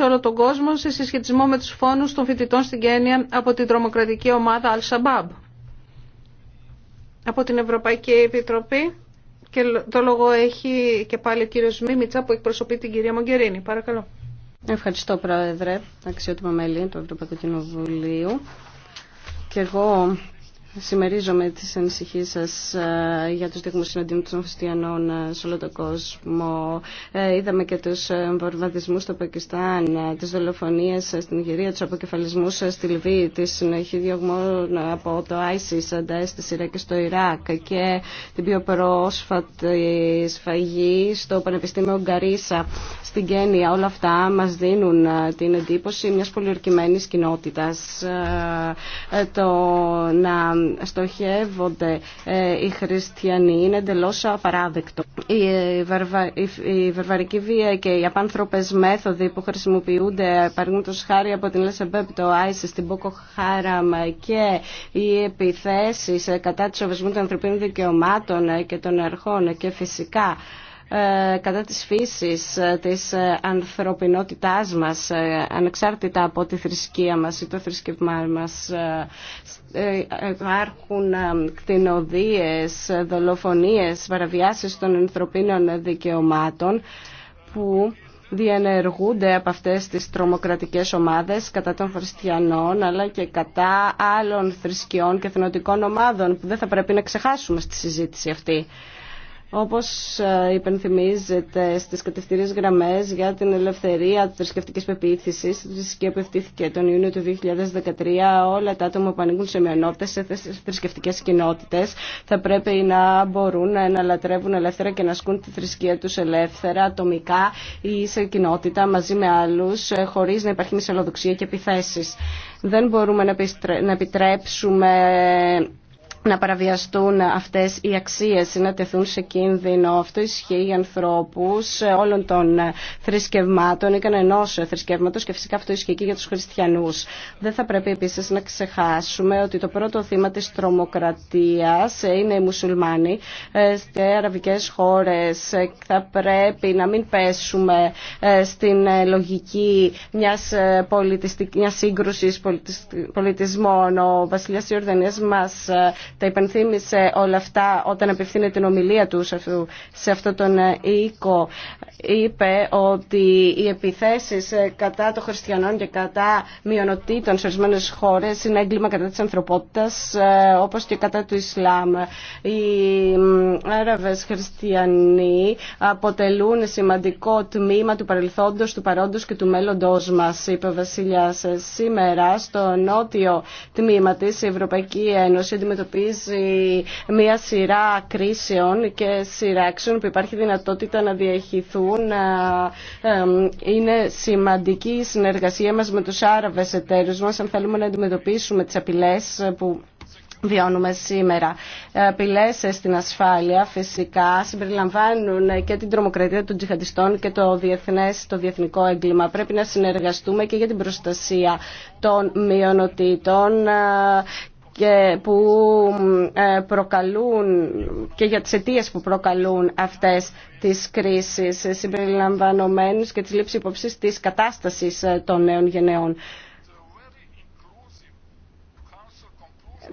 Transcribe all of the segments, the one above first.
σε όλο τον κόσμο σε συσχετισμό με τους φόνους των φοιτητών στην Κένια από την τρομοκρατική ομάδα Al-Shabaab. Από την Ευρωπαϊκή Επιτροπή και το λόγο έχει και πάλι ο κύριος Μίμητσα που εκπροσωπεί την κυρία Μογκερίνη. Παρακαλώ. Ευχαριστώ Πρόεδρε, αξιότιμα μέλη του Ευρωπαϊκού Κοινοβουλίου. Και εγώ Συμμερίζομαι τι ανησυχίε σα ε, για του δείχνους συναντήμου των χριστιανών ε, σε όλο τον κόσμο. Ε, είδαμε και τους βορβαδισμούς στο Πακιστάν, τις δολοφονίες στην Ιγυρία, του αποκεφαλισμούς στη Λιβύη, τη συνοχή διωγμών από το ISIS, ανταές στη και στο Ιράκ και την πιο πρόσφατη σφαγή στο Πανεπιστήμιο Γκαρίσα στην Κένια. Όλα αυτά μας δίνουν την εντύπωση μιας πολιορκημένης κοινότητας. Το να στοχεύονται ε, οι χριστιανοί είναι εντελώ απαράδεκτο. Η, ε, βαρβα... βαρβαρική βία και οι απάνθρωπες μέθοδοι που χρησιμοποιούνται παραδείγματος χάρη από την Λεσεμπέπ, το Άισι, στην Πόκο Χάραμ και οι επιθέσεις ε, κατά του σοβασμού των ανθρωπίνων δικαιωμάτων και των αρχών και φυσικά ε, κατά της φύσης, ε, της ε, ανθρωπινότητάς μας, ανεξάρτητα από τη θρησκεία μας ή το θρησκευμά μας. Υπάρχουν κτηνοδίες, δολοφονίες, παραβιάσεις των ανθρωπίνων δικαιωμάτων που διενεργούνται από αυτές τις τρομοκρατικές ομάδες κατά των χριστιανών αλλά και κατά άλλων θρησκειών και εθνοτικών ομάδων που δεν θα πρέπει να ξεχάσουμε στη συζήτηση αυτή. Όπως ε, υπενθυμίζεται στις κατευθυντήριες γραμμές για την ελευθερία της θρησκευτικής πεποίθησης, η θρησκεία τον Ιούνιο του 2013, όλα τα άτομα που ανήκουν σε μειονότητες, σε θρησκευτικές κοινότητες, θα πρέπει να μπορούν να λατρεύουν ελεύθερα και να ασκούν τη θρησκεία τους ελεύθερα, ατομικά ή σε κοινότητα μαζί με άλλους, ε, χωρίς να υπάρχει μισολοδοξία και επιθέσεις. Δεν μπορούμε να επιτρέψουμε να παραβιαστούν αυτές οι αξίες, να τεθούν σε κίνδυνο. Αυτό ισχύει για ανθρώπους όλων των θρησκευμάτων, ήταν ενό θρησκεύματος και φυσικά αυτό ισχύει και για τους χριστιανούς. Δεν θα πρέπει επίσης να ξεχάσουμε ότι το πρώτο θύμα της τρομοκρατίας είναι οι μουσουλμάνοι Στις ε, αραβικές χώρες. Ε, θα πρέπει να μην πέσουμε ε, στην λογική μιας, μιας σύγκρουσης πολιτισμών. Ο βασιλιάς Ιορδανίας μας τα υπενθύμησε όλα αυτά όταν απευθύνεται την ομιλία του σε αυτόν τον ε, οίκο. Είπε ότι οι επιθέσεις ε, κατά των χριστιανών και κατά μειονοτήτων σε ορισμένε χώρες είναι έγκλημα κατά της ανθρωπότητας ε, όπως και κατά του Ισλάμ. Οι Άραβες χριστιανοί αποτελούν σημαντικό τμήμα του παρελθόντος, του παρόντος και του μέλλοντός μας, είπε ο Βασιλιάς. Σήμερα στο νότιο τμήμα της Ευρωπαϊκή Ένωση αντιμετωπίζει μια σειρά κρίσεων και σειράξεων που υπάρχει δυνατότητα να διαχειθούν. Είναι σημαντική η συνεργασία μας με τους Άραβες εταίρους μας αν θέλουμε να αντιμετωπίσουμε τις απειλές που βιώνουμε σήμερα. Απειλέ στην ασφάλεια φυσικά συμπεριλαμβάνουν και την τρομοκρατία των τζιχαντιστών και το, διεθνές, το διεθνικό έγκλημα. Πρέπει να συνεργαστούμε και για την προστασία των μειονοτήτων και που ε, προκαλούν και για τις αιτίε που προκαλούν αυτές τις κρίσεις συμπεριλαμβανομένους και της λήψη υποψής της κατάστασης ε, των νέων γενεών.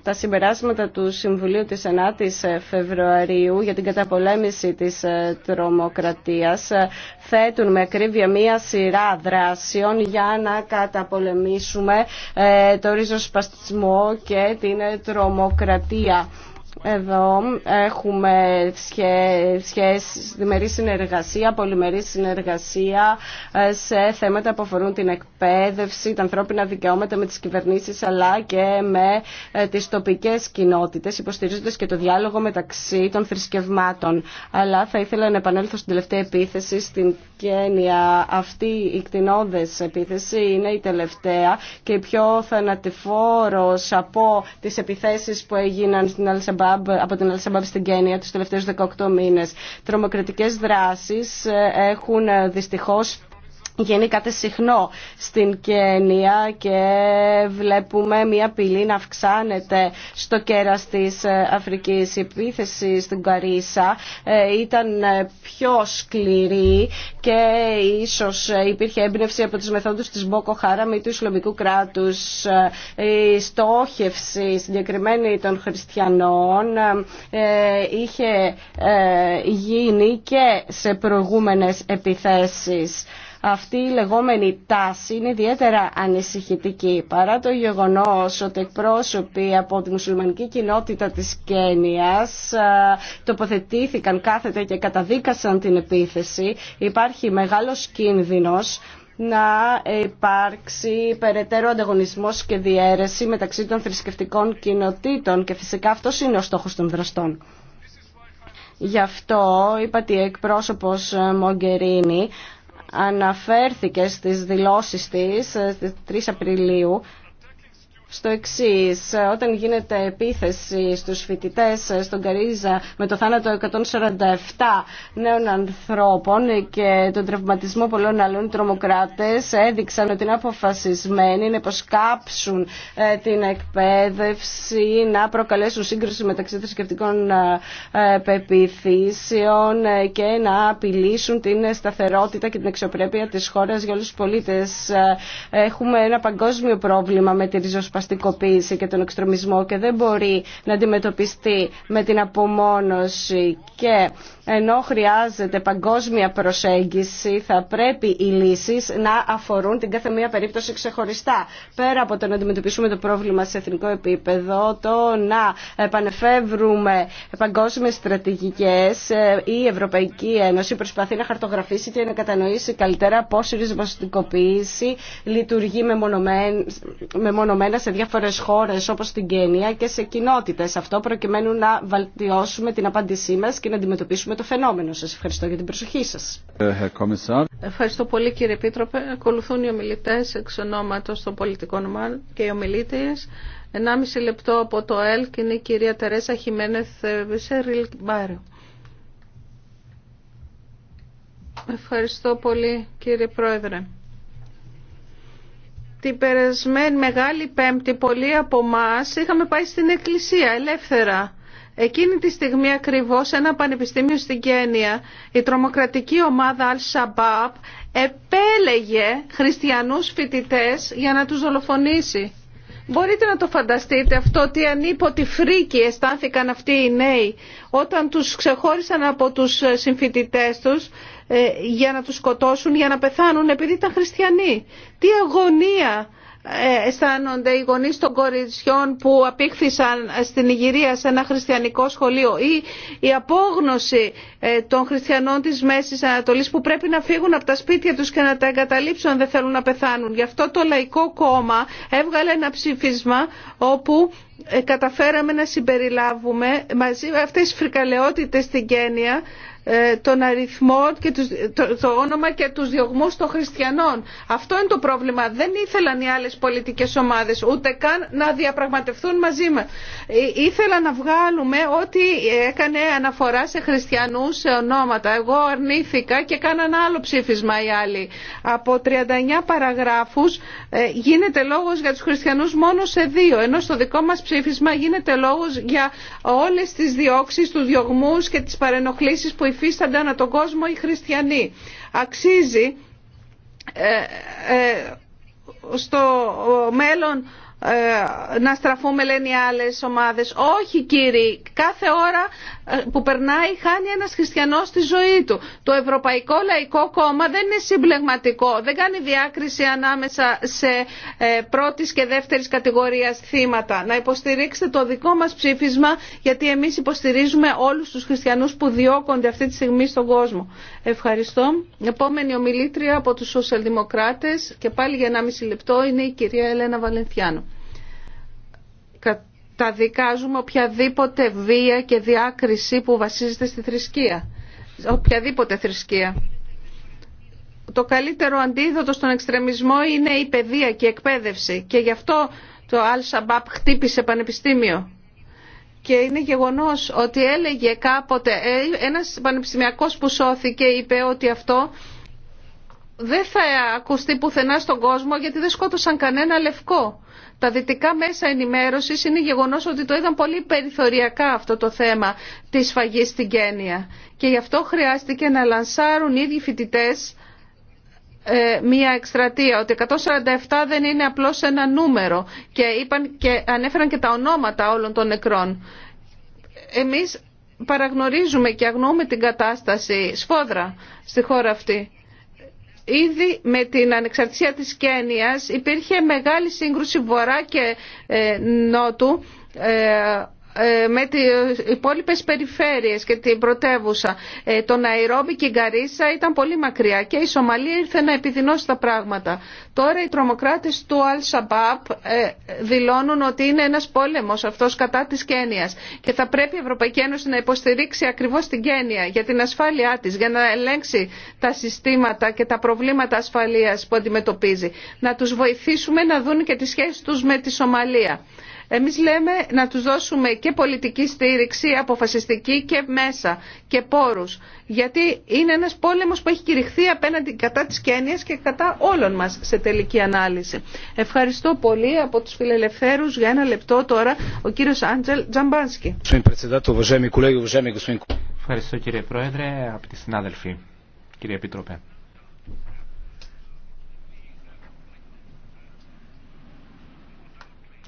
τα συμπεράσματα του Συμβουλίου της 9ης Φεβρουαρίου για την καταπολέμηση της ε, τρομοκρατίας ε, θέτουν με ακρίβεια μία σειρά δράσεων για να καταπολεμήσουμε ε, το ριζοσπαστισμό και την τρομοκρατία. Εδώ έχουμε σχέσεις, διμερή συνεργασία, πολυμερή συνεργασία ε, σε θέματα που αφορούν την εκπαίδευση, τα ανθρώπινα δικαιώματα με τις κυβερνήσεις αλλά και με ε, τις τοπικές κοινότητες, υποστηρίζοντας και το διάλογο μεταξύ των θρησκευμάτων. Αλλά θα ήθελα να επανέλθω στην τελευταία επίθεση στην Κένια. Αυτή η κτηνόδες επίθεση είναι η τελευταία και η πιο θανατηφόρος από τις επιθέσεις που έγιναν στην Αλσεμπά από την Αλ Σαμπάμπ στην Κένια τους τελευταίους 18 μήνες. Τρομοκρατικές δράσεις ε, έχουν ε, δυστυχώς Γίνει κάτι συχνό στην Κένια και βλέπουμε μια πυλή να αυξάνεται στο κέρας της ε, Αφρικής. επίθεση στην Καρίσα ε, ήταν ε, πιο σκληρή και ίσως υπήρχε έμπνευση από τις μεθόδους της Μπόκο Χάραμ ή του Ισλαμικού κράτους. Η στόχευση συγκεκριμένη των χριστιανών είχε γίνει και σε προηγούμενες επιθέσεις αυτή η λεγόμενη τάση είναι ιδιαίτερα ανησυχητική παρά το γεγονός ότι εκπρόσωποι από τη μουσουλμανική κοινότητα της Κένιας τοποθετήθηκαν κάθετα και καταδίκασαν την επίθεση υπάρχει μεγάλος κίνδυνος να υπάρξει περαιτέρω ανταγωνισμός και διαίρεση μεταξύ των θρησκευτικών κοινοτήτων και φυσικά αυτό είναι ο στόχος των δραστών. Γι' αυτό είπα ότι εκπρόσωπος Μογκερίνη αναφέρθηκε στις δηλώσεις της 3 ε, Απριλίου στο εξή. Όταν γίνεται επίθεση στους φοιτητέ στον Καρίζα με το θάνατο 147 νέων ανθρώπων και τον τραυματισμό πολλών άλλων τρομοκράτε, έδειξαν ότι είναι αποφασισμένοι να υποσκάψουν ε, την εκπαίδευση, να προκαλέσουν σύγκρουση μεταξύ θρησκευτικών ε, ε, πεπιθήσεων και να απειλήσουν την σταθερότητα και την αξιοπρέπεια τη χώρα για όλου του πολίτε. Έχουμε ένα παγκόσμιο πρόβλημα με τη ριζοσπαστική και τον εξτρομισμό και δεν μπορεί να αντιμετωπιστεί με την απομόνωση και ενώ χρειάζεται παγκόσμια προσέγγιση θα πρέπει οι λύσεις να αφορούν την κάθε μία περίπτωση ξεχωριστά. Πέρα από το να αντιμετωπίσουμε το πρόβλημα σε εθνικό επίπεδο, το να επανεφεύρουμε παγκόσμιες στρατηγικές, ε, η Ευρωπαϊκή Ένωση προσπαθεί να χαρτογραφήσει και να κατανοήσει καλύτερα πώς η ριζοσπαστικοποίηση λειτουργεί μεμονωμένα σε διάφορες χώρες όπως την Κένια και σε κοινότητες. Αυτό προκειμένου να βαλτιώσουμε την απάντησή μας και να αντιμετωπίσουμε το φαινόμενο. Σας ευχαριστώ για την προσοχή σας. Ε, ευχαριστώ πολύ κύριε Επίτροπε. Ακολουθούν οι ομιλητές εξ ονόματος των πολιτικών ομάδων και οι ομιλήτες. Ενάμιση λεπτό από το ΕΛΚ είναι η κυρία Τερέσα Χιμένεθ Βεσέριλ Μπάριο. Ευχαριστώ πολύ κύριε Πρόεδρε την περασμένη Μεγάλη Πέμπτη πολλοί από εμά είχαμε πάει στην εκκλησία ελεύθερα. Εκείνη τη στιγμή ακριβώς ένα πανεπιστήμιο στην Κένια, η τρομοκρατική ομάδα Al-Shabaab επέλεγε χριστιανούς φοιτητές για να τους δολοφονήσει. Μπορείτε να το φανταστείτε αυτό τι ανίποτη φρίκη αισθάνθηκαν αυτοί οι νέοι όταν τους ξεχώρισαν από τους ε, συμφοιτητές τους ε, για να τους σκοτώσουν, για να πεθάνουν επειδή ήταν χριστιανοί. Τι αγωνία ε, αισθάνονται οι γονεί των κοριτσιών που απήχθησαν στην Ιγυρία σε ένα χριστιανικό σχολείο ή η απόγνωση ε, των χριστιανών τη Μέση Ανατολή που πρέπει να φύγουν από τα σπίτια τους και να τα εγκαταλείψουν αν δεν θέλουν να πεθάνουν. Γι' αυτό το Λαϊκό Κόμμα έβγαλε ένα ψήφισμα όπου ε, καταφέραμε να συμπεριλάβουμε μαζί με αυτέ τι φρικαλαιότητε στην Κένια ε, τον αριθμό και τους, το, όνομα και τους διωγμούς των χριστιανών. Αυτό είναι το πρόβλημα. Δεν ήθελαν οι άλλες πολιτικές ομάδες ούτε καν να διαπραγματευτούν μαζί μας. Ε, ήθελα να βγάλουμε ό,τι έκανε αναφορά σε χριστιανούς, σε ονόματα. Εγώ αρνήθηκα και κάναν άλλο ψήφισμα οι άλλοι. Από 39 παραγράφους ε, γίνεται λόγος για τους χριστιανούς μόνο σε δύο, ενώ στο δικό μας ψήφισμα γίνεται λόγος για όλες τις διώξεις, τους διωγμούς και τις παρενοχλήσεις που υφίστανται ανά τον κόσμο οι χριστιανοί. Αξίζει ε, ε, στο μέλλον ε, να στραφούμε λένε οι άλλες ομάδες. Όχι κύριοι, κάθε ώρα ε, που περνάει χάνει ένας χριστιανός τη ζωή του. Το Ευρωπαϊκό Λαϊκό Κόμμα δεν είναι συμπλεγματικό, δεν κάνει διάκριση ανάμεσα σε ε, πρώτης και δεύτερης κατηγορίας θύματα. Να υποστηρίξετε το δικό μας ψήφισμα γιατί εμείς υποστηρίζουμε όλους τους χριστιανούς που διώκονται αυτή τη στιγμή στον κόσμο. Ευχαριστώ. Επόμενη ομιλήτρια από τους σοσιαλδημοκράτες και πάλι για 1,5 λεπτό είναι η κυρία Ελένα Βαλενθιάνο καταδικάζουμε οποιαδήποτε βία και διάκριση που βασίζεται στη θρησκεία. Οποιαδήποτε θρησκεία. Το καλύτερο αντίδοτο στον εξτρεμισμό είναι η παιδεία και η εκπαίδευση και γι' αυτό το Al-Shabaab χτύπησε πανεπιστήμιο. Και είναι γεγονός ότι έλεγε κάποτε ε, ένας πανεπιστημιακός που σώθηκε είπε ότι αυτό δεν θα ακουστεί πουθενά στον κόσμο γιατί δεν σκότωσαν κανένα λευκό. Τα δυτικά μέσα ενημέρωσης είναι γεγονό ότι το είδαν πολύ περιθωριακά αυτό το θέμα της φαγής στην Κένια. Και γι' αυτό χρειάστηκε να λανσάρουν οι ίδιοι φοιτητέ ε, μία εκστρατεία, ότι 147 δεν είναι απλώς ένα νούμερο και, είπαν και ανέφεραν και τα ονόματα όλων των νεκρών. Εμείς παραγνωρίζουμε και αγνοούμε την κατάσταση σφόδρα στη χώρα αυτή Ήδη με την ανεξαρτησία της Κένιας υπήρχε μεγάλη σύγκρουση βορρά και ε, νότου ε, ε, με τι υπόλοιπε περιφέρειες και την πρωτεύουσα. Ε, το Ναϊρόμπι και η Γκαρίσα ήταν πολύ μακριά και η Σομαλία ήρθε να επιδεινώσει τα πράγματα. Τώρα οι τρομοκράτε του Αλ Σαμπάπ ε, δηλώνουν ότι είναι ένα πόλεμο αυτό κατά τη Κένια και θα πρέπει η Ευρωπαϊκή Ένωση να υποστηρίξει ακριβώ την Κένια για την ασφάλειά τη, για να ελέγξει τα συστήματα και τα προβλήματα ασφαλεία που αντιμετωπίζει. Να του βοηθήσουμε να δουν και τις σχέσεις του με τη Σομαλία. Εμείς λέμε να τους δώσουμε και πολιτική στήριξη, αποφασιστική και μέσα και πόρους. Γιατί είναι ένας πόλεμος που έχει κηρυχθεί απέναντι κατά της Κένιας και κατά όλων μας σε τελική ανάλυση. Ευχαριστώ πολύ από τους φιλελευθέρους για ένα λεπτό τώρα ο κύριος Άντζελ Τζαμπάνσκι. Ευχαριστώ κύριε Πρόεδρε, τη συνάδελφοι, κύριε Επίτροπε.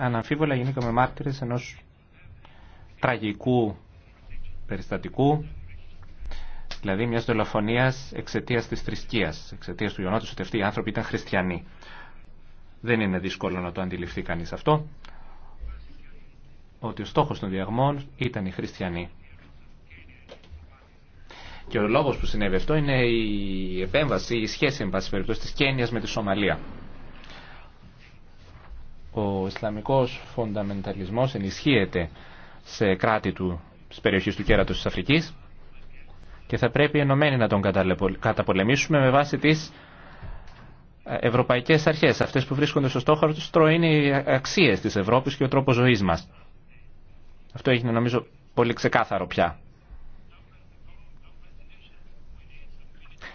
Αναμφίβολα γίνηκαμε μάρτυρες ενός τραγικού περιστατικού, δηλαδή μιας δολοφονίας εξαιτίας της θρησκείας, εξαιτίας του γεγονότος ότι αυτοί οι άνθρωποι ήταν χριστιανοί. Δεν είναι δύσκολο να το αντιληφθεί κανείς αυτό, ότι ο στόχος των διαγμών ήταν οι χριστιανοί. Και ο λόγος που συνέβη αυτό είναι η επέμβαση, η σχέση, εν πάση της Κένιας με τη Σομαλία. Ο Ισλαμικός φονταμενταλισμός ενισχύεται σε κράτη του, της περιοχής του κέρατος της Αφρικής και θα πρέπει ενωμένοι να τον καταπολεμήσουμε με βάση τις ε, ευρωπαϊκές αρχές, αυτές που βρίσκονται στο στόχο είναι οι αξίες της Ευρώπης και ο τρόπος ζωής μας. Αυτό έγινε νομίζω πολύ ξεκάθαρο πια.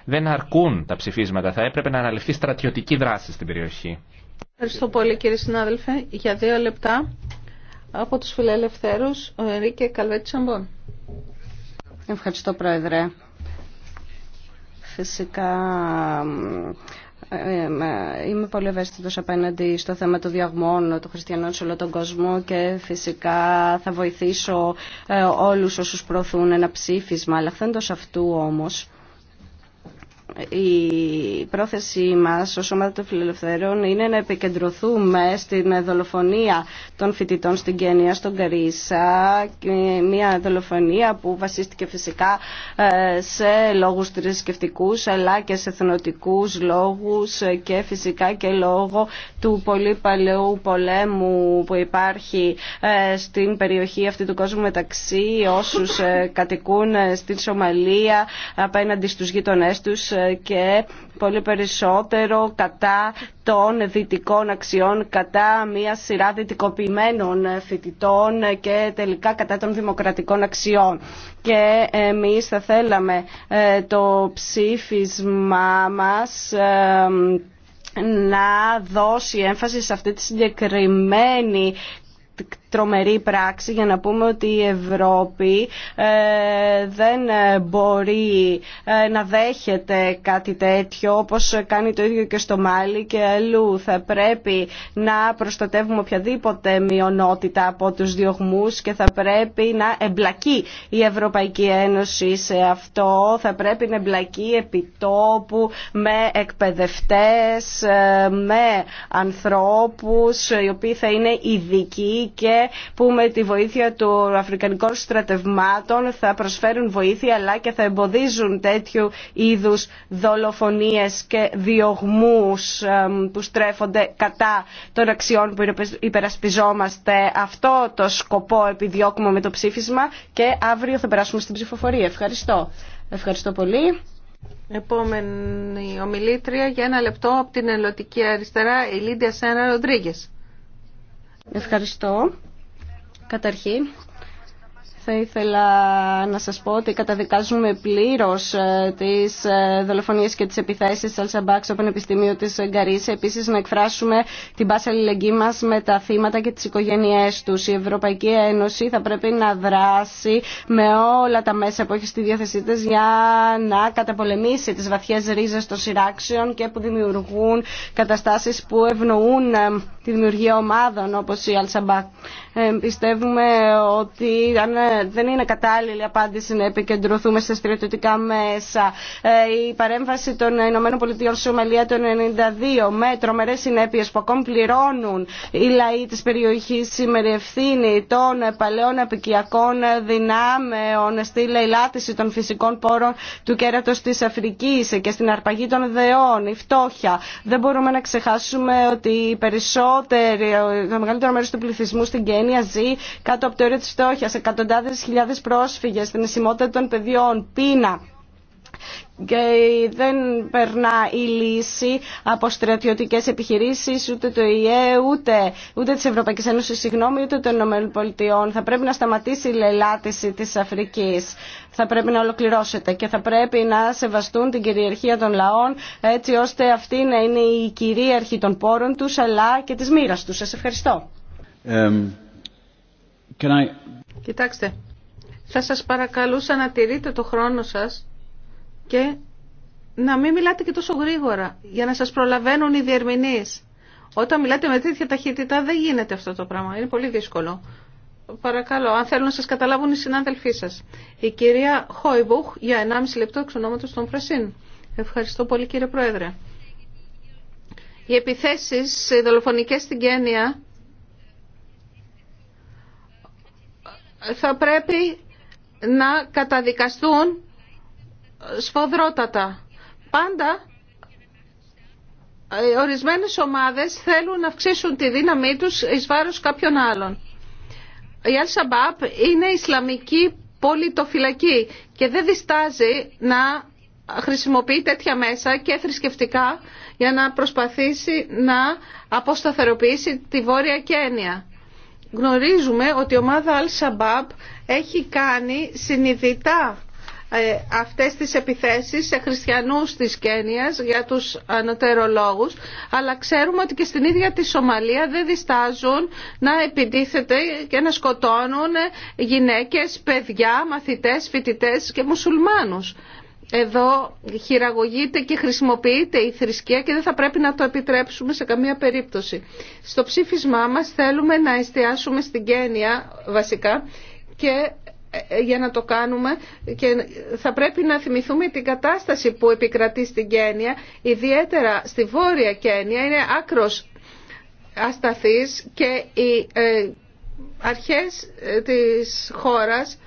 Δεν αρκούν τα ψηφίσματα, θα έπρεπε να αναλυφθεί στρατιωτική δράση στην περιοχή. Ευχαριστώ πολύ κύριε συνάδελφε. Για δύο λεπτά από τους φιλελευθέρους, ο Ρίκε Καλβέτη Σαμπών. Ευχαριστώ Πρόεδρε. Φυσικά ε, ε, ε, Είμαι πολύ ευαίσθητος απέναντι στο θέμα του διαγμών των χριστιανών σε όλο τον κόσμο και φυσικά θα βοηθήσω όλους όσους προωθούν ένα ψήφισμα. Αλλά αυτού όμως η πρόθεσή μας ως ομάδα των φιλελευθερών είναι να επικεντρωθούμε στην δολοφονία των φοιτητών στην Κένια, στον Καρίσα, μια δολοφονία που βασίστηκε φυσικά ε, σε λόγους θρησκευτικού, αλλά και σε εθνοτικούς λόγους και φυσικά και λόγω του πολύ παλαιού πολέμου που υπάρχει ε, στην περιοχή αυτή του κόσμου μεταξύ όσους ε, κατοικούν στην Σομαλία απέναντι στους γείτονές τους και πολύ περισσότερο κατά των δυτικών αξιών, κατά μια σειρά δυτικοποιημένων φοιτητών και τελικά κατά των δημοκρατικών αξιών. Και εμείς θα θέλαμε ε, το ψήφισμα μας ε, να δώσει έμφαση σε αυτή τη συγκεκριμένη τρομερή πράξη για να πούμε ότι η Ευρώπη ε, δεν μπορεί ε, να δέχεται κάτι τέτοιο όπως κάνει το ίδιο και στο Μάλι και αλλού. Θα πρέπει να προστατεύουμε οποιαδήποτε μειονότητα από τους διωγμούς και θα πρέπει να εμπλακεί η Ευρωπαϊκή Ένωση σε αυτό. Θα πρέπει να εμπλακεί επιτόπου με εκπαιδευτές, ε, με ανθρώπους οι οποίοι θα είναι ειδικοί και που με τη βοήθεια των αφρικανικών στρατευμάτων θα προσφέρουν βοήθεια αλλά και θα εμποδίζουν τέτοιου είδους δολοφονίες και διωγμούς που στρέφονται κατά των αξιών που υπερασπιζόμαστε. Αυτό το σκοπό επιδιώκουμε με το ψήφισμα και αύριο θα περάσουμε στην ψηφοφορία. Ευχαριστώ. Ευχαριστώ πολύ. Επόμενη ομιλήτρια για ένα λεπτό από την ελωτική Αριστερά, η Λίντια Σένα Ροντρίγκε. Ευχαριστώ. Καταρχήν, θα ήθελα να σας πω ότι καταδικάζουμε πλήρως ε, τις ε, δολοφονίες και τις επιθέσεις της Αλσαμπάκ στο Πανεπιστήμιο της Γκαρίς. Επίσης να εκφράσουμε την πάσα αλληλεγγύη μας με τα θύματα και τις οικογένειές τους. Η Ευρωπαϊκή Ένωση θα πρέπει να δράσει με όλα τα μέσα που έχει στη διάθεσή της για να καταπολεμήσει τις βαθιές ρίζες των σειράξεων και που δημιουργούν καταστάσεις που ευνοούν ε, τη δημιουργία ομάδων όπως η Αλσαμπάκ. Πιστεύουμε ότι αν δεν είναι κατάλληλη απάντηση να επικεντρωθούμε στα στρατιωτικά μέσα. Ε, η παρέμβαση των Ηνωμένων Πολιτειών στη Σομαλία το 1992 με τρομερές συνέπειες που ακόμη πληρώνουν οι λαοί της περιοχής σήμερα ευθύνη των παλαιών απικιακών δυνάμεων στη λαϊλάτηση των φυσικών πόρων του κέρατος της Αφρικής και στην αρπαγή των δεών, η φτώχεια. Δεν μπορούμε να ξεχάσουμε ότι οι περισσότεροι, το μεγαλύτερο μέρος του πληθυσμού στην Κένια ζει κάτω από το όριο τη φτώχεια, χιλιάδες πρόσφυγες στην εσημότητα των παιδιών, πείνα, και δεν περνά η λύση από στρατιωτικέ επιχειρήσει ούτε του ΙΕ ούτε, ούτε τη Ευρωπαϊκή Ένωση, συγγνώμη, ούτε των ΗΠΑ. Θα πρέπει να σταματήσει η λελάτιση τη Αφρική. Θα πρέπει να ολοκληρώσετε και θα πρέπει να σεβαστούν την κυριαρχία των λαών έτσι ώστε αυτή να είναι η κυρίαρχη των πόρων του αλλά και τη μοίρα του. Σα ευχαριστώ. Um, Κοιτάξτε, θα σας παρακαλούσα να τηρείτε το χρόνο σας και να μην μιλάτε και τόσο γρήγορα για να σας προλαβαίνουν οι διερμηνείς. Όταν μιλάτε με τέτοια ταχύτητα δεν γίνεται αυτό το πράγμα. Είναι πολύ δύσκολο. Παρακαλώ, αν θέλουν να σας καταλάβουν οι συνάδελφοί σας. Η κυρία Χόιμπουχ για 1,5 λεπτό εξ ονόματος των Φρασίν. Ευχαριστώ πολύ κύριε Πρόεδρε. Οι επιθέσεις δολοφονικές στην Κένια θα πρέπει να καταδικαστούν σφοδρότατα. Πάντα ε, ορισμένες ομάδες θέλουν να αυξήσουν τη δύναμή τους εις βάρος κάποιων άλλων. Η Al-Shabaab είναι Ισλαμική πολιτοφυλακή και δεν διστάζει να χρησιμοποιεί τέτοια μέσα και θρησκευτικά για να προσπαθήσει να αποσταθεροποιήσει τη Βόρεια Κένια. Γνωρίζουμε ότι η ομάδα Al-Shabaab έχει κάνει συνειδητά ε, αυτές τις επιθέσεις σε χριστιανούς της Κένιας για τους ανωτερολόγους αλλά ξέρουμε ότι και στην ίδια τη Σομαλία δεν διστάζουν να επιτίθεται και να σκοτώνουν γυναίκες, παιδιά, μαθητές, φοιτητές και μουσουλμάνους. Εδώ χειραγωγείται και χρησιμοποιείται η θρησκεία και δεν θα πρέπει να το επιτρέψουμε σε καμία περίπτωση. Στο ψήφισμά μας θέλουμε να εστιάσουμε στην Γένεια βασικά και ε, για να το κάνουμε και θα πρέπει να θυμηθούμε την κατάσταση που επικρατεί στην Κένια, ιδιαίτερα στη Βόρεια Κένια, είναι άκρος ασταθής και οι ε, αρχές ε, της χώρας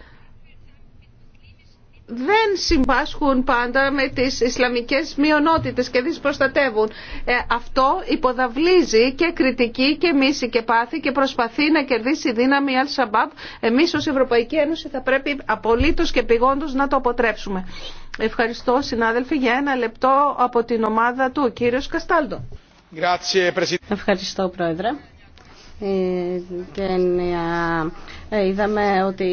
δεν συμπάσχουν πάντα με τις Ισλαμικές μειονότητες και τις προστατεύουν. Ε, αυτό υποδαβλίζει και κριτική και μίση και πάθη και προσπαθεί να κερδίσει δύναμη Αλ Σαμπάμπ. Εμείς ως Ευρωπαϊκή Ένωση θα πρέπει απολύτως και πηγόντως να το αποτρέψουμε. Ευχαριστώ συνάδελφοι για ένα λεπτό από την ομάδα του, ο κύριος Καστάλτο. Ευχαριστώ Πρόεδρε. Ε, ε, είδαμε ότι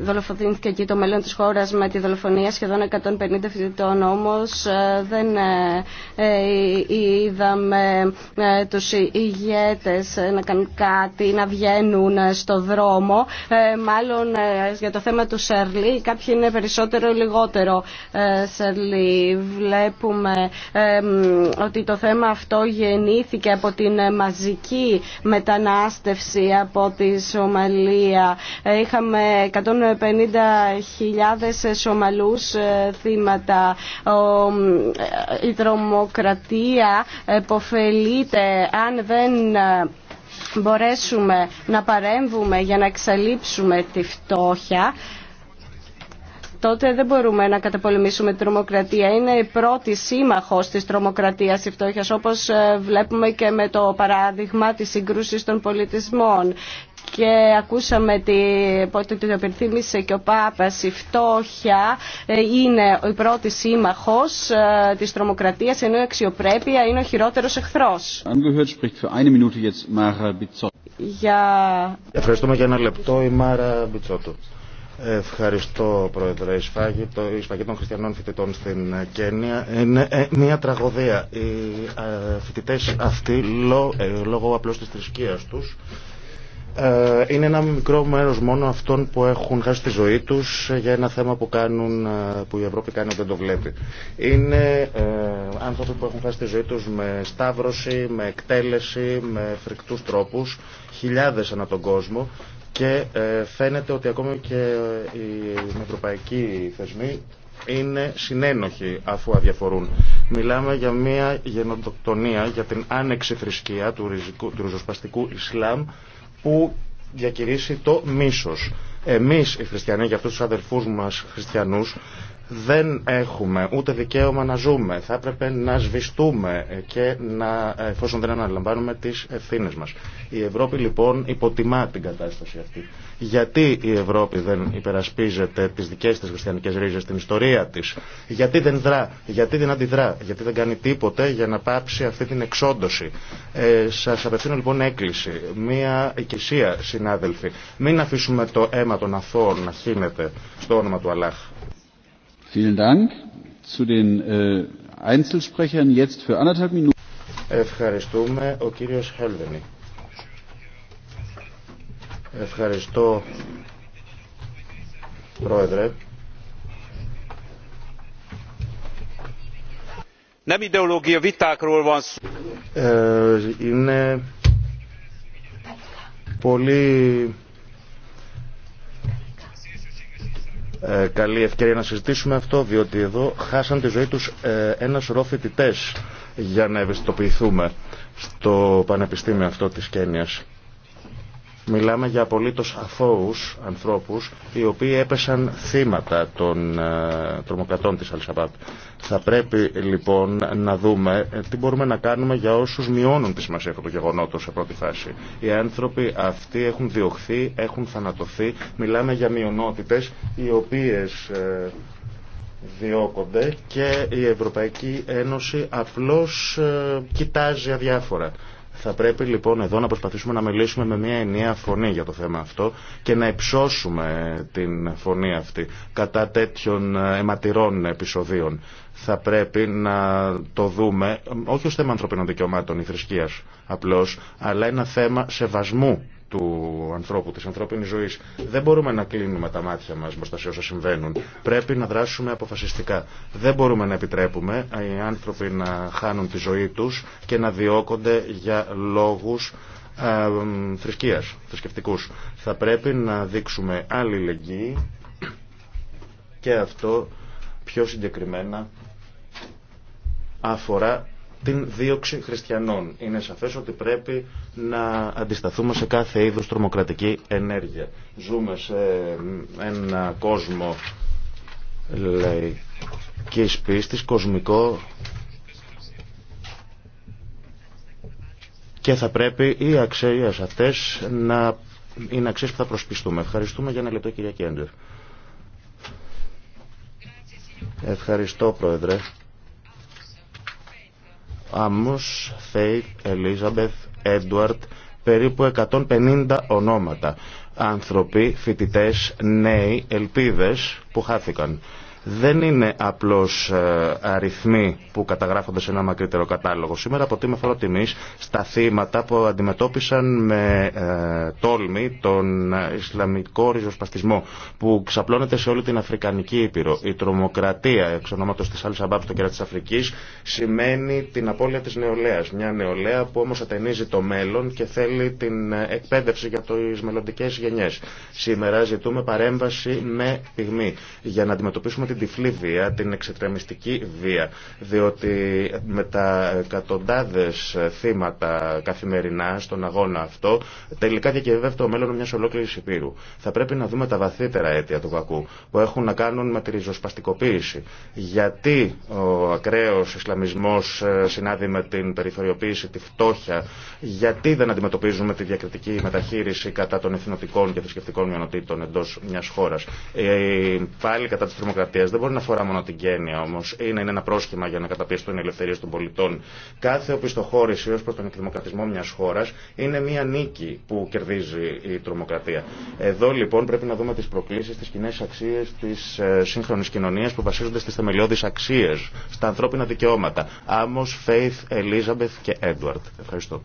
δολοφονήθηκε εκεί το μέλλον της χώρας με τη δολοφονία σχεδόν 150 φοιτητών όμως ε, δεν ε, είδαμε τους ηγέτες να κάνουν κάτι, να βγαίνουν στο δρόμο μάλλον για το θέμα του Σερλί κάποιοι είναι περισσότερο ή λιγότερο Σερλί βλέπουμε ότι το θέμα αυτό γεννήθηκε από την μαζική μετανάστευση από τις Σομαλία. Ε, είχαμε 150.000 Σομαλούς ε, θύματα. Ε, η τρομοκρατία εποφελείται αν δεν μπορέσουμε να παρέμβουμε για να εξαλείψουμε τη φτώχεια τότε δεν μπορούμε να καταπολεμήσουμε τη τρομοκρατία. Είναι η πρώτη σύμμαχο της τρομοκρατία η φτώχεια, όπω βλέπουμε και με το παράδειγμα της συγκρούση των πολιτισμών και ακούσαμε ότι το επιθύμησε και ο Πάπας η φτώχεια ε, είναι ο πρώτη σύμμαχος ε, της τρομοκρατίας ενώ η αξιοπρέπεια είναι ο χειρότερος εχθρός. Για... Ευχαριστούμε για ένα λεπτό η Μάρα Μπιτσότου. Ευχαριστώ, Πρόεδρε. Η το, η των χριστιανών φοιτητών στην Κένια είναι ε, μια τραγωδία. Οι φοιτητέ αυτοί, λόγω απλώ τη θρησκείας του, ε, είναι ένα μικρό μέρο μόνο αυτών που έχουν χάσει τη ζωή του για ένα θέμα που, κάνουν, ε, που η Ευρώπη κάνει όταν το βλέπει. Είναι ε, άνθρωποι που έχουν χάσει τη ζωή του με σταύρωση, με εκτέλεση, με φρικτού τρόπου, χιλιάδε ανά τον κόσμο και ε, φαίνεται ότι ακόμα και οι ευρωπαϊκοί θεσμοί είναι συνένοχοι αφού αδιαφορούν. Μιλάμε για μια γενοκτονία, για την άνεξη θρησκεία του ριζοσπαστικού Ισλάμ που διακηρύσει το μίσος. Εμείς οι χριστιανοί για αυτούς τους αδερφούς μας χριστιανούς δεν έχουμε ούτε δικαίωμα να ζούμε. Θα έπρεπε να σβηστούμε και να, εφόσον δεν αναλαμβάνουμε τις ευθύνε μας. Η Ευρώπη λοιπόν υποτιμά την κατάσταση αυτή. Γιατί η Ευρώπη δεν υπερασπίζεται τις δικές της χριστιανικές ρίζες, την ιστορία της. Γιατί δεν δρά, γιατί δεν αντιδρά, γιατί δεν κάνει τίποτε για να πάψει αυτή την εξόντωση. Ε, σας απευθύνω λοιπόν έκκληση, μία οικησία συνάδελφοι. Μην αφήσουμε το αίμα των αθώων να χύνεται στο όνομα του Αλάχ. Ευχαριστούμε ο κύριος Χέλβενη. Ευχαριστώ, Πρόεδρε. Είναι πολύ Ε, καλή ευκαιρία να συζητήσουμε αυτό, διότι εδώ χάσαν τη ζωή τους ε, ένα σωρό φοιτητές για να ευαισθητοποιηθούμε στο Πανεπιστήμιο αυτό της Κένιας. Μιλάμε για απολύτως αθώους ανθρώπους οι οποίοι έπεσαν θύματα των ε, τρομοκρατών της Αλσαμπάπ. Θα πρέπει λοιπόν να δούμε ε, τι μπορούμε να κάνουμε για όσους μειώνουν τη σημασία αυτού του γεγονότος σε πρώτη φάση. Οι άνθρωποι αυτοί έχουν διωχθεί, έχουν θανατωθεί. Μιλάμε για μειονότητες οι οποίες ε, διώκονται και η Ευρωπαϊκή Ένωση απλώς κοιτάζει αδιάφορα. Θα πρέπει λοιπόν εδώ να προσπαθήσουμε να μιλήσουμε με μια ενιαία φωνή για το θέμα αυτό και να υψώσουμε την φωνή αυτή κατά τέτοιων ε, αιματηρών επεισοδίων. Θα πρέπει να το δούμε όχι ως θέμα ανθρωπίνων δικαιωμάτων ή θρησκείας απλώς, αλλά ένα θέμα σεβασμού του ανθρώπου, της ανθρώπινης ζωής. Δεν μπορούμε να κλείνουμε τα μάτια μας μπροστά σε όσα συμβαίνουν. Πρέπει να δράσουμε αποφασιστικά. Δεν μπορούμε να επιτρέπουμε οι άνθρωποι να χάνουν τη ζωή τους και να διώκονται για λόγους ε, θρησκείας, θρησκευτικούς. Θα πρέπει να δείξουμε αλληλεγγύη και αυτό πιο συγκεκριμένα αφορά την δίωξη χριστιανών. Είναι σαφές ότι πρέπει να αντισταθούμε σε κάθε είδους τρομοκρατική ενέργεια. Ζούμε σε ένα κόσμο λαϊκής πίστης, κοσμικό και θα πρέπει οι αξίες αυτές να είναι αξίες που θα προσπιστούμε. Ευχαριστούμε για ένα λεπτό κυρία Κέντερ. Ευχαριστώ πρόεδρε. Άμος, Θέι, Ελίζαμπεθ, Έντουαρτ, περίπου 150 ονόματα. Άνθρωποι, φοιτητές, νέοι, ελπίδες που χάθηκαν δεν είναι απλώς ε, αριθμοί που καταγράφονται σε ένα μακρύτερο κατάλογο. Σήμερα αποτείμε τιμή στα θύματα που αντιμετώπισαν με ε, τόλμη τον ε, Ισλαμικό ριζοσπαστισμό που ξαπλώνεται σε όλη την Αφρικανική Ήπειρο. Η τρομοκρατία εξ ονόματος της Άλλη shabaab στο κέρα της Αφρικής σημαίνει την απώλεια της νεολαίας. Μια νεολαία που όμως ατενίζει το μέλλον και θέλει την εκπαίδευση για τις μελλοντικέ γενιές. Σήμερα ζητούμε παρέμβαση με πυγμή για να αντιμετωπίσουμε την τυφλή βία, την εξετρεμιστική βία, διότι με τα εκατοντάδες θύματα καθημερινά στον αγώνα αυτό, τελικά διακυβεύεται το μέλλον μιας ολόκληρης υπήρου. Θα πρέπει να δούμε τα βαθύτερα αίτια του κακού, που έχουν να κάνουν με τη ριζοσπαστικοποίηση. Γιατί ο ακραίος Ισλαμισμός ε, συνάδει με την περιθωριοποίηση, τη φτώχεια, γιατί δεν αντιμετωπίζουμε τη διακριτική μεταχείριση κατά των εθνοτικών και θρησκευτικών μειονοτήτων εντός μιας χώρας. Ε, ε, πάλι κατά της τρομοκρατία δεν μπορεί να αφορά μόνο την γένεια όμω. ή να είναι ένα πρόσχημα για να καταπιεστούν οι ελευθερίε των πολιτών. Κάθε οπισθοχώρηση ω προ τον εκδημοκρατισμό μια χώρα είναι μια νίκη που κερδίζει η τρομοκρατία. Εδώ λοιπόν πρέπει να δούμε τι προκλήσει, τι κοινέ αξίε τη ε, σύγχρονη κοινωνία που βασίζονται στι θεμελιώδει αξίε, στα ανθρώπινα δικαιώματα. Άμο, Φέιθ, Ελίζαμπεθ και Έντουαρτ. Ευχαριστώ.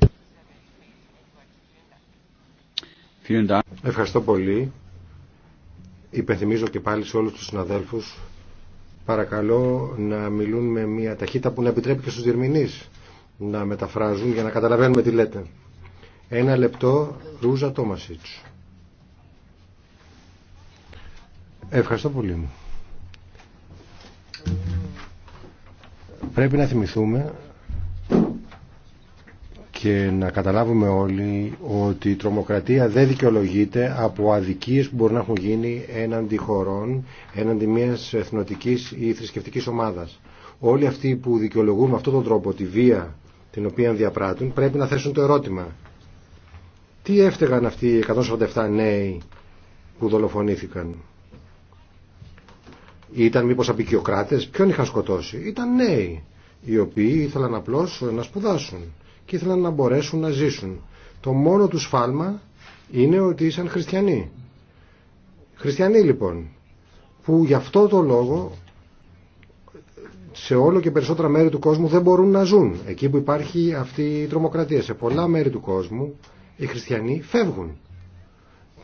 Ευχαριστώ πολύ. Υπενθυμίζω και πάλι σε όλους τους συναδέλφους παρακαλώ να μιλούν με μια ταχύτητα που να επιτρέπει και στους διερμηνείς να μεταφράζουν για να καταλαβαίνουμε τι λέτε. Ένα λεπτό, Ρούζα Τόμασιτς. Ευχαριστώ πολύ μου. Πρέπει να θυμηθούμε και να καταλάβουμε όλοι ότι η τρομοκρατία δεν δικαιολογείται από αδικίες που μπορεί να έχουν γίνει έναντι χωρών, έναντι μιας εθνοτικής ή θρησκευτικής ομάδας. Όλοι αυτοί που δικαιολογούν με αυτόν τον τρόπο τη βία την οποία διαπράττουν πρέπει να θέσουν το ερώτημα. Τι έφταιγαν αυτοί οι 147 νέοι που δολοφονήθηκαν. Ήταν μήπως απεικιοκράτες, ποιον είχαν σκοτώσει. Ήταν νέοι οι οποίοι ήθελαν απλώς να σπουδάσουν και ήθελαν να μπορέσουν να ζήσουν. Το μόνο του σφάλμα είναι ότι ήσαν χριστιανοί. Χριστιανοί λοιπόν, που γι' αυτό το λόγο σε όλο και περισσότερα μέρη του κόσμου δεν μπορούν να ζουν. Εκεί που υπάρχει αυτή η τρομοκρατία. Σε πολλά μέρη του κόσμου οι χριστιανοί φεύγουν.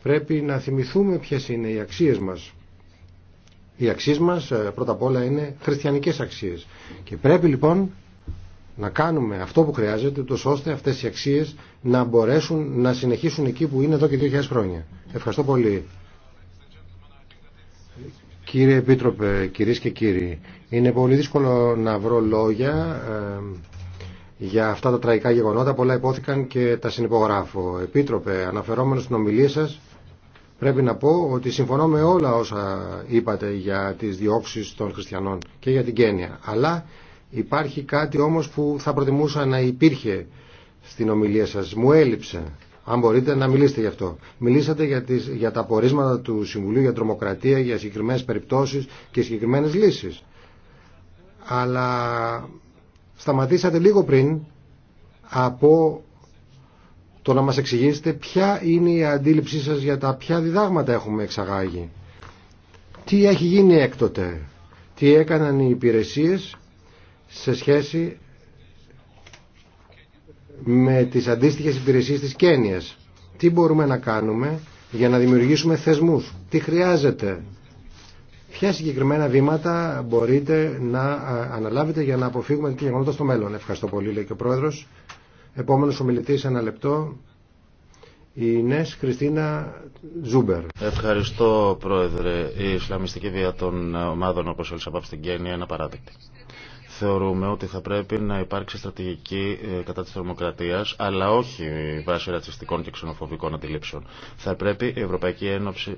Πρέπει να θυμηθούμε ποιες είναι οι αξίες μας. Οι αξίες μας ε, πρώτα απ' όλα είναι χριστιανικές αξίες. Και πρέπει λοιπόν να κάνουμε αυτό που χρειάζεται, ώστε αυτές οι αξίες να μπορέσουν να συνεχίσουν εκεί που είναι εδώ και 2.000 χρόνια. Ευχαριστώ πολύ. Κύριε Επίτροπε, κυρίες και κύριοι, είναι πολύ δύσκολο να βρω λόγια για αυτά τα τραγικά γεγονότα. Πολλά υπόθηκαν και τα συνυπογράφω. Επίτροπε, αναφερόμενο στην ομιλία σα πρέπει να πω ότι συμφωνώ με όλα όσα είπατε για τι διώξει των χριστιανών και για την Κένια. Αλλά Υπάρχει κάτι όμως που θα προτιμούσα να υπήρχε στην ομιλία σας. Μου έλειψε. Αν μπορείτε να μιλήσετε γι' αυτό. Μιλήσατε για, τις, για τα πορίσματα του Συμβουλίου για τρομοκρατία, για συγκεκριμένες περιπτώσεις και συγκεκριμένες λύσεις. Αλλά σταματήσατε λίγο πριν από το να μας εξηγήσετε ποια είναι η αντίληψή σας για τα ποια διδάγματα έχουμε εξαγάγει. Τι έχει γίνει έκτοτε. Τι έκαναν οι υπηρεσίες σε σχέση με τις αντίστοιχες υπηρεσίες της Κένιας. Τι μπορούμε να κάνουμε για να δημιουργήσουμε θεσμούς. Τι χρειάζεται. Ποια συγκεκριμένα βήματα μπορείτε να αναλάβετε για να αποφύγουμε την γεγονότα στο μέλλον. Ευχαριστώ πολύ, λέει και ο Πρόεδρος. Επόμενος ομιλητής, ένα λεπτό. Η Νες Χριστίνα Ζούμπερ. Ευχαριστώ, Πρόεδρε. Η Ισλαμιστική βία των ομάδων όπως όλοι στην Κένια είναι απαράδεκτη θεωρούμε ότι θα πρέπει να υπάρξει στρατηγική ε, κατά της θερμοκρατίας, αλλά όχι βάσει ρατσιστικών και ξενοφοβικών αντιλήψεων. Θα πρέπει η Ευρωπαϊκή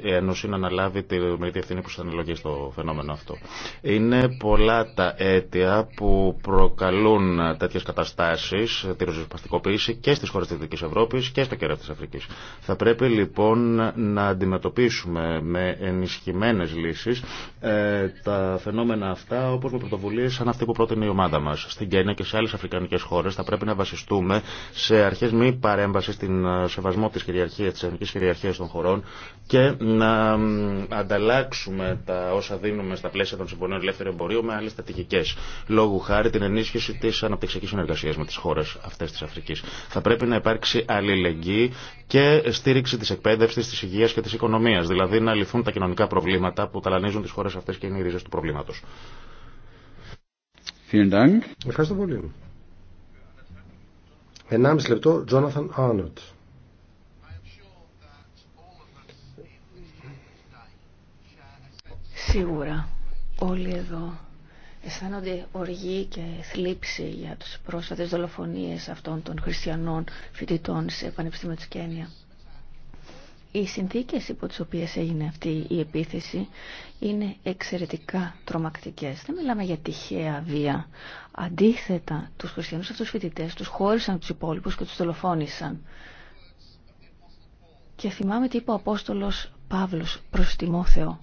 Ένωση, να αναλάβει τη μερική ευθύνη που αναλογεί στο φαινόμενο αυτό. Είναι πολλά τα αίτια που προκαλούν τέτοιες καταστάσεις, τη ροζοσπαστικοποίηση και στις χώρες της Δυτικής Ευρώπης και στο κέρα της Αφρικής. Θα πρέπει λοιπόν να αντιμετωπίσουμε με ενισχυμένες λύσεις ε, τα φαινόμενα αυτά όπως με πρωτοβουλίες σαν αυτή που πρώτα είναι η ομάδα μα. Στην Κένια και σε άλλε αφρικανικέ χώρε θα πρέπει να βασιστούμε σε αρχέ μη παρέμβαση στην ε, σεβασμό τη κυριαρχία, τη ελληνική κυριαρχία των χωρών και να ανταλλάξουμε τα όσα δίνουμε στα πλαίσια των συμφωνίων ελεύθερου εμπορίου με άλλε στρατηγικέ. Λόγου χάρη την ενίσχυση τη αναπτυξιακή συνεργασία με τι χώρε αυτέ τη Αφρική. Θα πρέπει να υπάρξει αλληλεγγύη και στήριξη τη εκπαίδευση, τη υγεία και τη οικονομία. Δηλαδή να λυθούν τα κοινωνικά προβλήματα που ταλανίζουν τι χώρε αυτέ και είναι οι ρίζε του προβλήματο. Ευχαριστώ πολύ. Ενάμιση λεπτό, Τζόναθαν Σίγουρα όλοι εδώ αισθάνονται οργή και θλίψη για τις πρόσφατες δολοφονίες αυτών των χριστιανών φοιτητών σε Πανεπιστήμιο της Κένια. Οι συνθήκες υπό τις οποίες έγινε αυτή η επίθεση είναι εξαιρετικά τρομακτικές. Δεν μιλάμε για τυχαία βία. Αντίθετα, τους χριστιανούς αυτούς φοιτητές τους χώρισαν τους υπόλοιπους και τους δολοφόνησαν. Και θυμάμαι τι είπε ο Απόστολος Παύλος προς Τιμόθεο.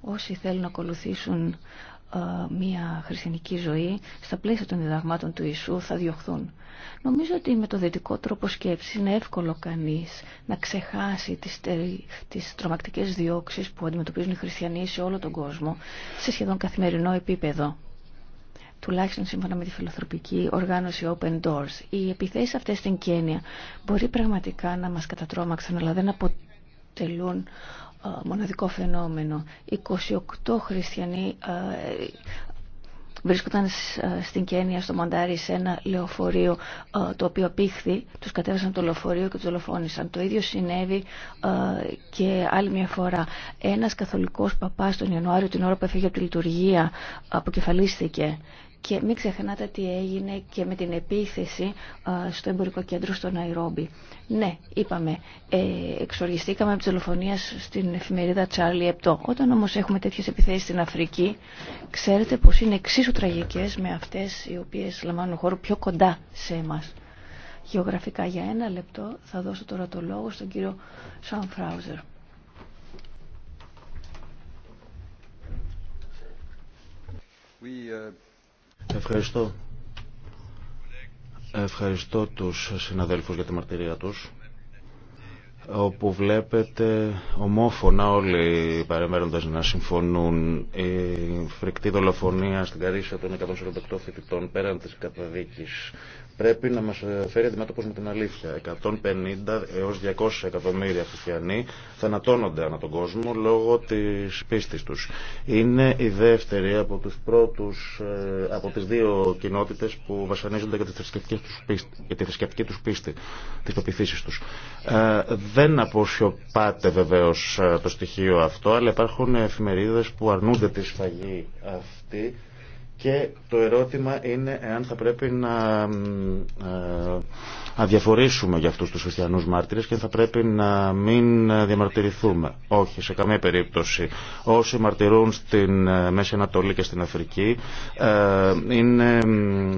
Όσοι θέλουν να ακολουθήσουν ε, μια χριστιανική ζωή στα πλαίσια των διδαγμάτων του Ιησού θα διωχθούν. Νομίζω ότι με το δυτικό τρόπο σκέψης είναι εύκολο κανείς να ξεχάσει τις, τις τρομακτικές διώξεις που αντιμετωπίζουν οι χριστιανοί σε όλο τον κόσμο σε σχεδόν καθημερινό επίπεδο τουλάχιστον σύμφωνα με τη φιλοθροπική οργάνωση Open Doors. Οι επιθέσεις αυτές στην Κένια μπορεί πραγματικά να μας κατατρώμαξαν, αλλά δεν αποτελούν ε, μοναδικό φαινόμενο. 28 χριστιανοί ε, βρίσκονταν ε, στην Κένια, στο Μαντάρι, σε ένα λεωφορείο το οποίο πήχθη, τους κατέβασαν το λεωφορείο και τους δολοφόνησαν. Το ίδιο συνέβη και άλλη μια φορά. Ένας καθολικός παπάς τον Ιανουάριο την ώρα που έφυγε από τη λειτουργία αποκεφαλίστηκε. Και μην ξεχνάτε τι έγινε και με την επίθεση στο εμπορικό κέντρο στο Ναϊρόμπι. Ναι, είπαμε, ε, εξοργιστήκαμε από τη δολοφονία στην εφημερίδα Charlie Hebdo. Όταν όμως έχουμε τέτοιες επιθέσεις στην Αφρική, ξέρετε πως είναι εξίσου τραγικές με αυτές οι οποίες λαμβάνουν χώρο πιο κοντά σε εμάς. Γεωγραφικά για ένα λεπτό θα δώσω τώρα το λόγο στον κύριο Σαν Φράουζερ. Oui, Ευχαριστώ. Ευχαριστώ τους συναδέλφους για τη μαρτυρία τους όπου βλέπετε ομόφωνα όλοι οι παρεμέροντες να συμφωνούν η φρικτή δολοφονία στην Καρίσια των 148 φοιτητών πέραν της καταδίκης πρέπει να μας ε, φέρει αντιμέτωπος με την αλήθεια. 150 έως 200 εκατομμύρια χριστιανοί θανατώνονται ανά τον κόσμο λόγω της πίστης τους. Είναι η δεύτερη από, τους πρώτους, ε, από τις δύο κοινότητες που βασανίζονται για τη θρησκευτική τους πίστη, για τη θρησκευτική τους πίστη τις πεπιθήσεις τους. Ε, δεν αποσιωπάται βεβαίως το στοιχείο αυτό, αλλά υπάρχουν εφημερίδες που αρνούνται τη σφαγή αυτή και το ερώτημα είναι εάν θα πρέπει να ε, αδιαφορήσουμε για αυτούς τους χριστιανούς μάρτυρες και θα πρέπει να μην διαμαρτυρηθούμε. Όχι, σε καμία περίπτωση. Όσοι μαρτυρούν στην ε, Μέση Ανατολή και στην Αφρική ε, είναι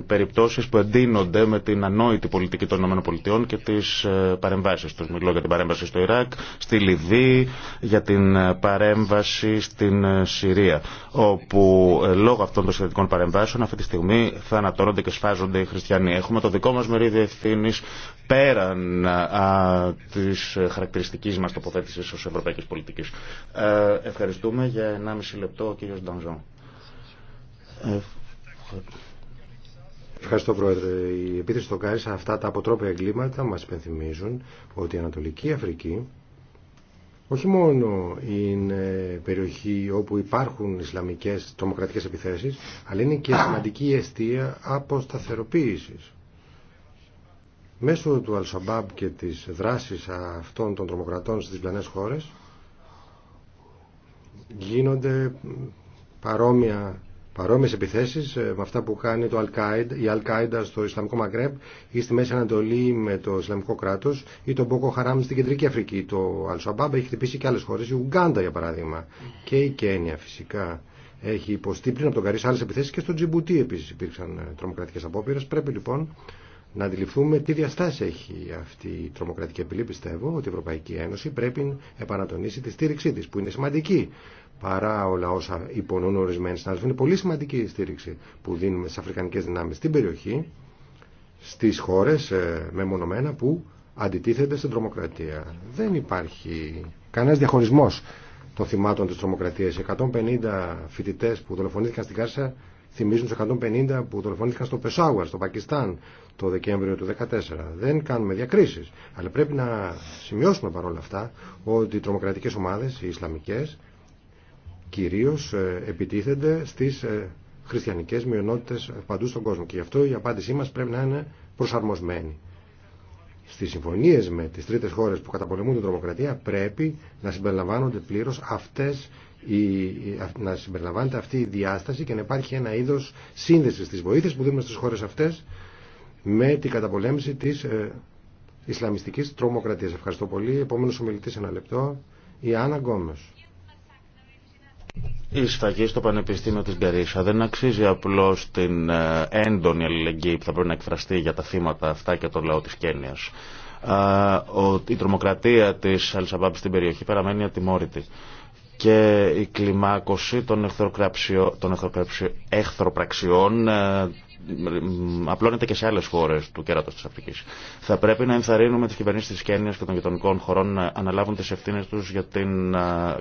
περιπτώσεις που εντείνονται με την ανόητη πολιτική των ΗΠΑ και τις ε, παρεμβάσεις τους. Μιλώ για την παρέμβαση στο Ιράκ, στη Λιβύη, για την παρέμβαση στην Συρία, όπου λόγω αυτών των σχετικών παρεμβάσεων αυτή τη στιγμή θα ανατώνονται και σφάζονται οι χριστιανοί. Έχουμε το δικό μας μερίδιο ευθύνη πέραν α, της χαρακτηριστικής μας τοποθέτησης ως ευρωπαϊκής πολιτικής. Ε, ευχαριστούμε για 1,5 λεπτό ο κύριος Ντανζό. Ευχαριστώ Πρόεδρε. Η επίθεση στο Κάρισα αυτά τα αποτρόπια εγκλήματα μας υπενθυμίζουν ότι η Ανατολική Αφρική όχι μόνο είναι περιοχή όπου υπάρχουν Ισλαμικές τρομοκρατικές επιθέσεις αλλά είναι και σημαντική αιστεία αποσταθεροποίησης Μέσω του Αλσαμπάμπ και της δράσης αυτών των τρομοκρατών στις διπλανές χώρες γίνονται παρόμοια, παρόμοιες επιθέσεις ε, με αυτά που κάνει το al η al στο Ισλαμικό Μαγκρέπ ή στη Μέση Ανατολή με το Ισλαμικό κράτος ή τον Μπόκο Χαράμ στην Κεντρική Αφρική. Το Al-Shabaab έχει χτυπήσει και άλλες χώρες, η τον μποκο χαραμ στην κεντρικη αφρικη το al εχει χτυπησει και αλλες χωρες η ουγγαντα για παράδειγμα και η Κένια φυσικά. Έχει υποστεί πριν από τον Καρύς άλλες επιθέσεις και στο Τζιμπουτί επίσης υπήρξαν ε, τρομοκρατικές απόπειρες. Πρέπει λοιπόν να αντιληφθούμε τι διαστάσει έχει αυτή η τρομοκρατική επιλή. Πιστεύω ότι η Ευρωπαϊκή Ένωση πρέπει να επανατονίσει τη στήριξή τη, που είναι σημαντική. Παρά όλα όσα υπονοούν ορισμένοι συνάδελφοι, είναι πολύ σημαντική η στήριξη που δίνουμε στι αφρικανικέ δυνάμει στην περιοχή, στι χώρε ε, μεμονωμένα που αντιτίθεται στην τρομοκρατία. Δεν υπάρχει κανένα διαχωρισμό των θυμάτων τη τρομοκρατία. 150 φοιτητέ που δολοφονήθηκαν στην Κάρσα θυμίζουν του 150 που δολοφονήθηκαν στο Πεσάουα, στο Πακιστάν, το Δεκέμβριο του 2014. Δεν κάνουμε διακρίσει, αλλά πρέπει να σημειώσουμε παρόλα αυτά ότι οι τρομοκρατικέ ομάδες, οι Ισλαμικές, κυρίως ε, επιτίθενται στις ε, χριστιανικές μειονότητες παντού στον κόσμο. Και γι' αυτό η απάντησή μας πρέπει να είναι προσαρμοσμένη στις συμφωνίες με τις τρίτες χώρες που καταπολεμούν την τρομοκρατία πρέπει να συμπεριλαμβάνονται πλήρως αυτές η, να συμπεριλαμβάνεται αυτή η διάσταση και να υπάρχει ένα είδος σύνδεσης της βοήθειας που δίνουμε στις χώρες αυτές με την καταπολέμηση της ε, Ισλαμιστικής τρομοκρατίας. Ευχαριστώ πολύ. Επόμενος ομιλητής ένα λεπτό, η Άννα Γκόμες. Η σφαγή στο Πανεπιστήμιο της Γκαρίσα δεν αξίζει απλώς την ε, έντονη αλληλεγγύη που θα πρέπει να εκφραστεί για τα θύματα αυτά και τον λαό της Κένιας. Η τρομοκρατία της Αλσαμπάμπ στην περιοχή παραμένει ατιμόρυτη και η κλιμάκωση των, εχθροπραξιών ε, απλώνεται και σε άλλε χώρε του κέρατο τη Αφρική. Θα πρέπει να ενθαρρύνουμε τι κυβερνήσει τη Κένια και των γειτονικών χωρών να αναλάβουν τι ευθύνε του για την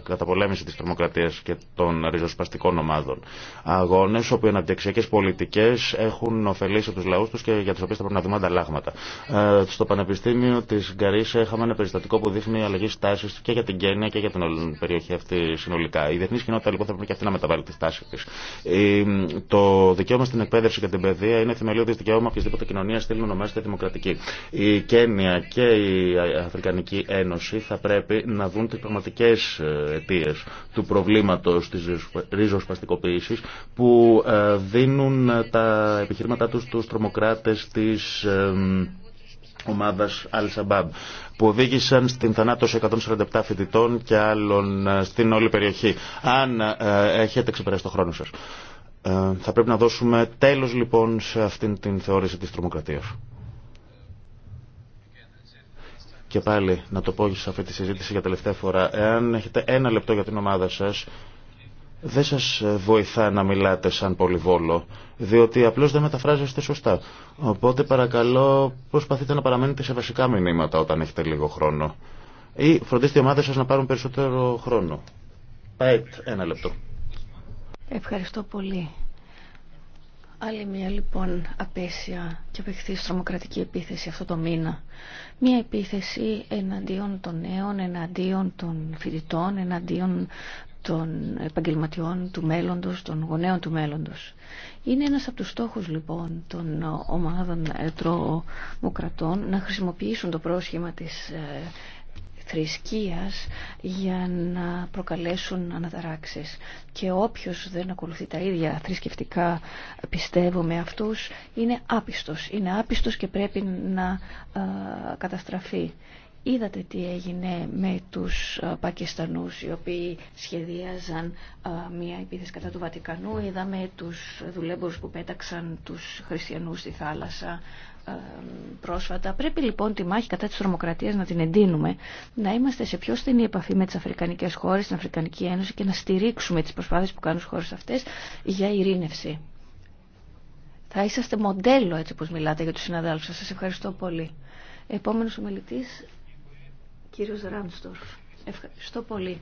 καταπολέμηση τη τρομοκρατία και των ριζοσπαστικών ομάδων. Αγώνε όπου οι αναπτυξιακέ πολιτικέ έχουν ωφελήσει του λαού του και για τι οποίε θα πρέπει να δούμε ανταλλάγματα. Ε, στο Πανεπιστήμιο τη Γκαρίσα είχαμε ένα περιστατικό που δείχνει αλλαγή στάση και για την Κένια και για την περιοχή αυτή συνολικά. Η διεθνή κοινότητα λοιπόν θα πρέπει και αυτή να μεταβάλει τη στάση τη. Το δικαίωμα στην εκπαίδευση και την παιδεία είναι θεμελιώδη δικαίωμα οποιασδήποτε κοινωνία θέλει να ονομάζεται δημοκρατική. Η Κένια και η Αφρικανική Ένωση θα πρέπει να δουν τι πραγματικέ ε, αιτίε του προβλήματο τη ριζοσπαστικοποίηση που ε, δίνουν τα επιχειρήματά του στου τρομοκράτε τη ομάδας Al-Shabaab που οδήγησαν στην θανάτωση 147 φοιτητών και άλλων ε, στην όλη περιοχή. Αν έχετε ξεπεράσει το χρόνο σας. Ε, θα πρέπει να δώσουμε τέλος λοιπόν σε αυτήν την θεώρηση της τρομοκρατίας. Και πάλι να το πω σε αυτή τη συζήτηση για τελευταία φορά. Εάν έχετε ένα λεπτό για την ομάδα σας, δεν σας βοηθά να μιλάτε σαν πολυβόλο, διότι απλώς δεν μεταφράζεστε σωστά. Οπότε παρακαλώ προσπαθείτε να παραμένετε σε βασικά μηνύματα όταν έχετε λίγο χρόνο. Ή φροντίστε οι ομαδα σας να πάρουν περισσότερο χρόνο. Πάει ένα λεπτό. Ευχαριστώ πολύ. Άλλη μια λοιπόν απέσια και απεχθή τρομοκρατική επίθεση αυτό το μήνα. Μια επίθεση εναντίον των νέων, εναντίον των φοιτητών, εναντίον των επαγγελματιών του μέλλοντος, των γονέων του μέλλοντος. Είναι ένας από τους στόχους λοιπόν των ομάδων τρομοκρατών να χρησιμοποιήσουν το πρόσχημα της ε, θρησκείας για να προκαλέσουν αναταράξεις. Και όποιος δεν ακολουθεί τα ίδια θρησκευτικά πιστεύω με αυτούς είναι άπιστος. Είναι άπιστος και πρέπει να καταστραφεί. Είδατε τι έγινε με τους Πακιστανούς οι οποίοι σχεδίαζαν μια επίθεση κατά του Βατικανού. Είδαμε τους δουλέμπορους που πέταξαν τους χριστιανούς στη θάλασσα πρόσφατα. Πρέπει λοιπόν τη μάχη κατά της τρομοκρατίας να την εντείνουμε, να είμαστε σε πιο στενή επαφή με τις αφρικανικές χώρες, την Αφρικανική Ένωση και να στηρίξουμε τις προσπάθειες που κάνουν στις χώρες αυτές για ειρήνευση. Θα είσαστε μοντέλο έτσι όπως μιλάτε για τους συναδέλφους σας. Σας ευχαριστώ πολύ. Επόμενος ομιλητής, κύριος Ράνστορφ. Ευχαριστώ πολύ.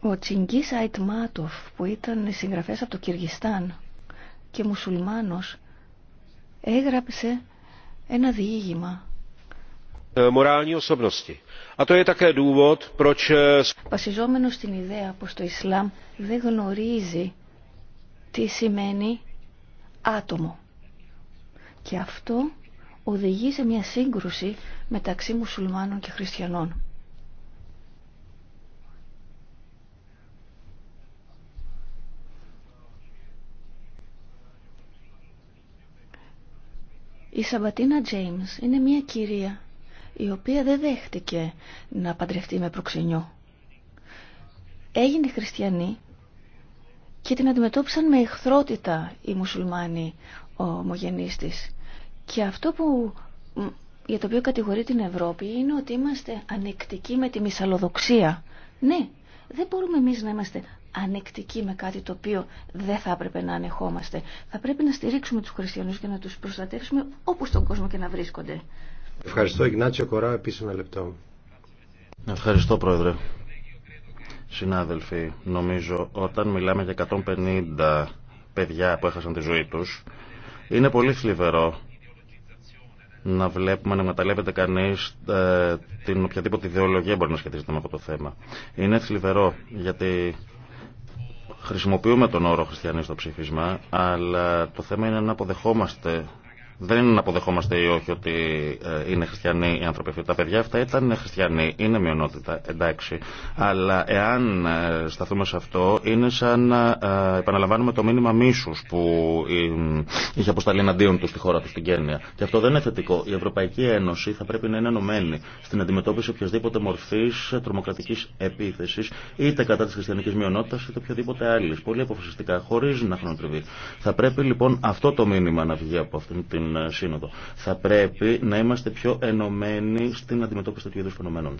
Ο Τσιγκίς Αϊτμάτοφ που ήταν συγγραφέα από το Κυργιστάν και μουσουλμάνος έγραψε ένα διήγημα. Ε, ε, Βασιζόμενο στην ιδέα πως το Ισλάμ δεν γνωρίζει τι σημαίνει άτομο. Και αυτό οδηγεί σε μια σύγκρουση μεταξύ μουσουλμάνων και χριστιανών. Η Σαμπατίνα Τζέιμς είναι μια κυρία η οποία δεν δέχτηκε να παντρευτεί με προξενιό. Έγινε χριστιανή και την αντιμετώπισαν με εχθρότητα οι μουσουλμάνοι ομογενείς της. Και αυτό που, για το οποίο κατηγορεί την Ευρώπη είναι ότι είμαστε ανεκτικοί με τη μυσαλλοδοξία. Ναι, δεν μπορούμε εμείς να είμαστε ανεκτικοί με κάτι το οποίο δεν θα έπρεπε να ανεχόμαστε. Θα πρέπει να στηρίξουμε τους χριστιανούς και να τους προστατεύσουμε όπου στον κόσμο και να βρίσκονται. Ευχαριστώ Ιγνάτσιο Κορά, επίσης ένα λεπτό. Ευχαριστώ Πρόεδρε. Συνάδελφοι, νομίζω όταν μιλάμε για 150 παιδιά που έχασαν τη ζωή τους, είναι πολύ θλιβερό να βλέπουμε να μεταλλεύεται κανεί ε, την οποιαδήποτε ιδεολογία μπορεί να σχετίζεται με αυτό το θέμα. Είναι θλιβερό γιατί χρησιμοποιούμε τον όρο χριστιανή στο ψήφισμα, αλλά το θέμα είναι να αποδεχόμαστε δεν να αποδεχόμαστε ή όχι ότι ε, είναι χριστιανοί οι άνθρωποι αυτοί. Τα παιδιά αυτά ήταν χριστιανοί, είναι μειονότητα, εντάξει. Αλλά εάν ε, σταθούμε σε αυτό, είναι σαν να ε, επαναλαμβάνουμε το μήνυμα μίσου που είχε αποσταλεί εναντίον του στη χώρα του, στην Κένια. Και αυτό δεν είναι θετικό. Η Ευρωπαϊκή Ένωση θα πρέπει να είναι ενωμένη στην αντιμετώπιση οποιασδήποτε μορφή τρομοκρατική επίθεση, είτε κατά τη χριστιανική μειονότητα, είτε οποιαδήποτε άλλη. Πολύ αποφασιστικά, χωρί να χρονοτριβεί. Θα πρέπει λοιπόν αυτό το μήνυμα να βγει από αυτήν την ε, σύνοδο. Θα πρέπει να είμαστε πιο ενωμένοι στην αντιμετώπιση τέτοιου είδου φαινομένων.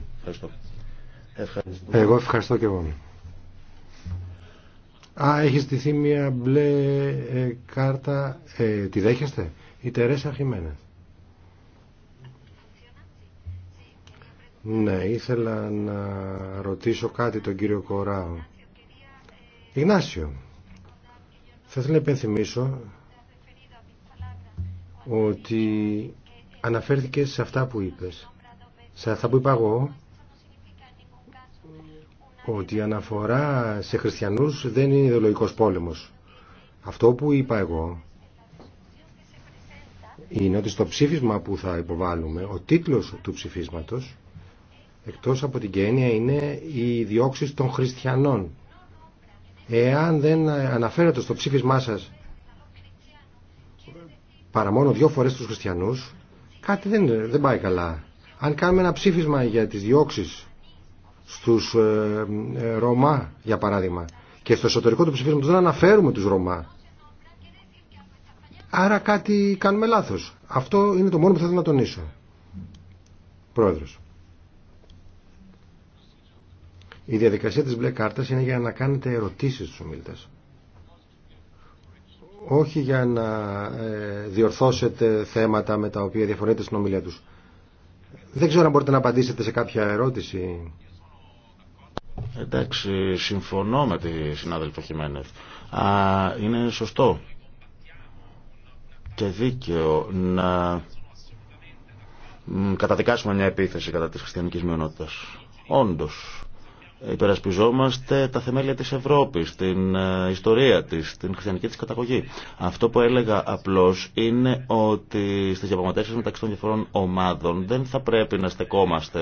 Ευχαριστώ. Εγώ ευχαριστώ και εγώ. Α, έχει στηθεί μια μπλε ε, κάρτα. Ε, τη δέχεστε, η Τερέσα Χιμένα. Ναι, ήθελα να ρωτήσω κάτι τον κύριο Κοράου. Ιγνάσιο, θα ήθελα να υπενθυμίσω ότι αναφέρθηκε σε αυτά που είπες. Σε αυτά που είπα εγώ, ότι η αναφορά σε χριστιανούς δεν είναι ιδεολογικός πόλεμος. Αυτό που είπα εγώ είναι ότι στο ψήφισμα που θα υποβάλουμε, ο τίτλος του ψηφίσματος, εκτός από την γένεια, είναι η διώξεις των χριστιανών. Εάν δεν αναφέρετε στο ψήφισμά σας παρά μόνο δύο φορές τους χριστιανούς, κάτι δεν, δεν πάει καλά. Αν κάνουμε ένα ψήφισμα για τις διώξεις στους ε, ε, Ρωμά, για παράδειγμα, και στο εσωτερικό του ψηφίσματος δεν αναφέρουμε τους Ρωμά, άρα κάτι κάνουμε λάθος. Αυτό είναι το μόνο που θέλω να τονίσω. Πρόεδρος. Η διαδικασία της μπλε κάρτας είναι για να κάνετε ερωτήσεις στους ομιλητές όχι για να ε, διορθώσετε θέματα με τα οποία διαφωνείτε στην ομιλία τους. Δεν ξέρω αν μπορείτε να απαντήσετε σε κάποια ερώτηση. Εντάξει, συμφωνώ με τη συνάδελφο Χιμένεθ. Α, είναι σωστό και δίκαιο να καταδικάσουμε μια επίθεση κατά της χριστιανικής μειονότητας. Όντως, υπερασπιζόμαστε τα θεμέλια της Ευρώπης, την ε, ιστορία της, την χριστιανική της καταγωγή. Αυτό που έλεγα απλώς είναι ότι στις διαπραγματεύσεις μεταξύ των διαφορών ομάδων δεν θα πρέπει να στεκόμαστε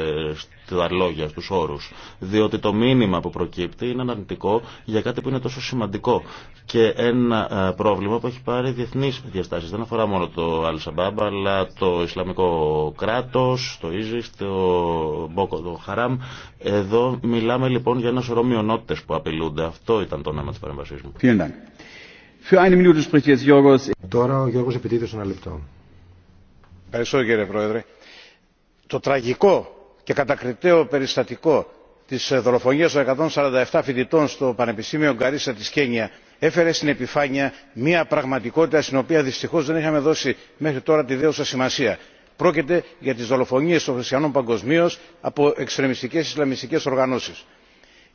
στα λόγια, στους όρους, διότι το μήνυμα που προκύπτει είναι αναρνητικό για κάτι που είναι τόσο σημαντικό και ένα ε, πρόβλημα που έχει πάρει διεθνείς διαστάσεις. Δεν αφορά μόνο το Shabaab, αλλά το Ισλαμικό κράτος, το Ίζης, το Μπόκο, το Χαράμ. Εδώ μιλάμε Μιλάμε λοιπόν για ένα σωρό μειονότητε που απειλούνται. Αυτό ήταν το νόημα τη παρέμβασή μου. Τώρα ο λεπτό. Ευχαριστώ κύριε Πρόεδρε. Το τραγικό και κατακριτέο περιστατικό της ε, δολοφονίας των 147 φοιτητών στο Πανεπιστήμιο Γκαρίσα της Κένια έφερε στην επιφάνεια μια πραγματικότητα στην οποία δυστυχώς δεν είχαμε δώσει μέχρι τώρα τη δέουσα σημασία πρόκειται για τις δολοφονίες των χριστιανών παγκοσμίω από εξτρεμιστικές ισλαμιστικές οργανώσεις.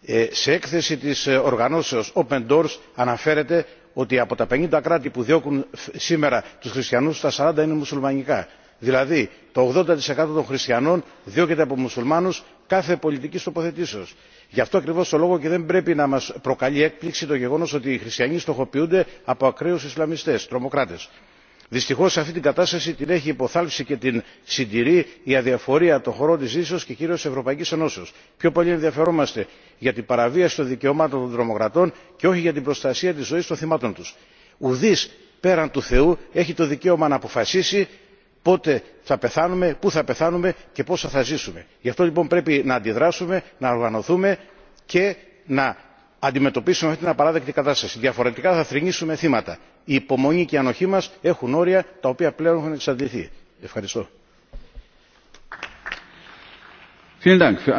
Ε, σε έκθεση της ε, οργανώσεως open doors αναφέρεται ότι από τα 50 κράτη που διώκουν σήμερα τους χριστιανούς τα 40 είναι μουσουλμανικά. Δηλαδή το 80% των χριστιανών διώκεται από μουσουλμάνους κάθε πολιτικής τοποθετήσεως. Γι' αυτό ακριβώ το λόγο και δεν πρέπει να μα προκαλεί έκπληξη το γεγονό ότι οι χριστιανοί στοχοποιούνται από ακραίου Ισλαμιστέ, τρομοκράτε δυστυχώ αυτή την κατάσταση την έχει υποθάλψει και την συντηρεί η αδιαφορία των χωρών τη ίσο και κυρίω τη ευρωπαϊκή ενώσεω. πιο πολύ ενδιαφερόμαστε για την παραβίαση των δικαιωμάτων των τρομοκρατών και όχι για την προστασία τη ζωή των θυμάτων του. ουδή πέραν του θεού έχει το δικαίωμα να αποφασίσει πότε θα πεθάνουμε πού θα πεθάνουμε και πόσα θα ζήσουμε. γι' αυτό λοιπόν πρέπει να αντιδράσουμε να οργανωθούμε και να Αντιμετωπίσουμε αυτή την απαράδεκτη κατάσταση. διαφορετικά θα θρηνήσουμε θύματα. η υπομονή και η ανοχή μας έχουν όρια τα οποία πλέον έχουν εξαντληθεί. ευχαριστώ. Ευχαριστώ.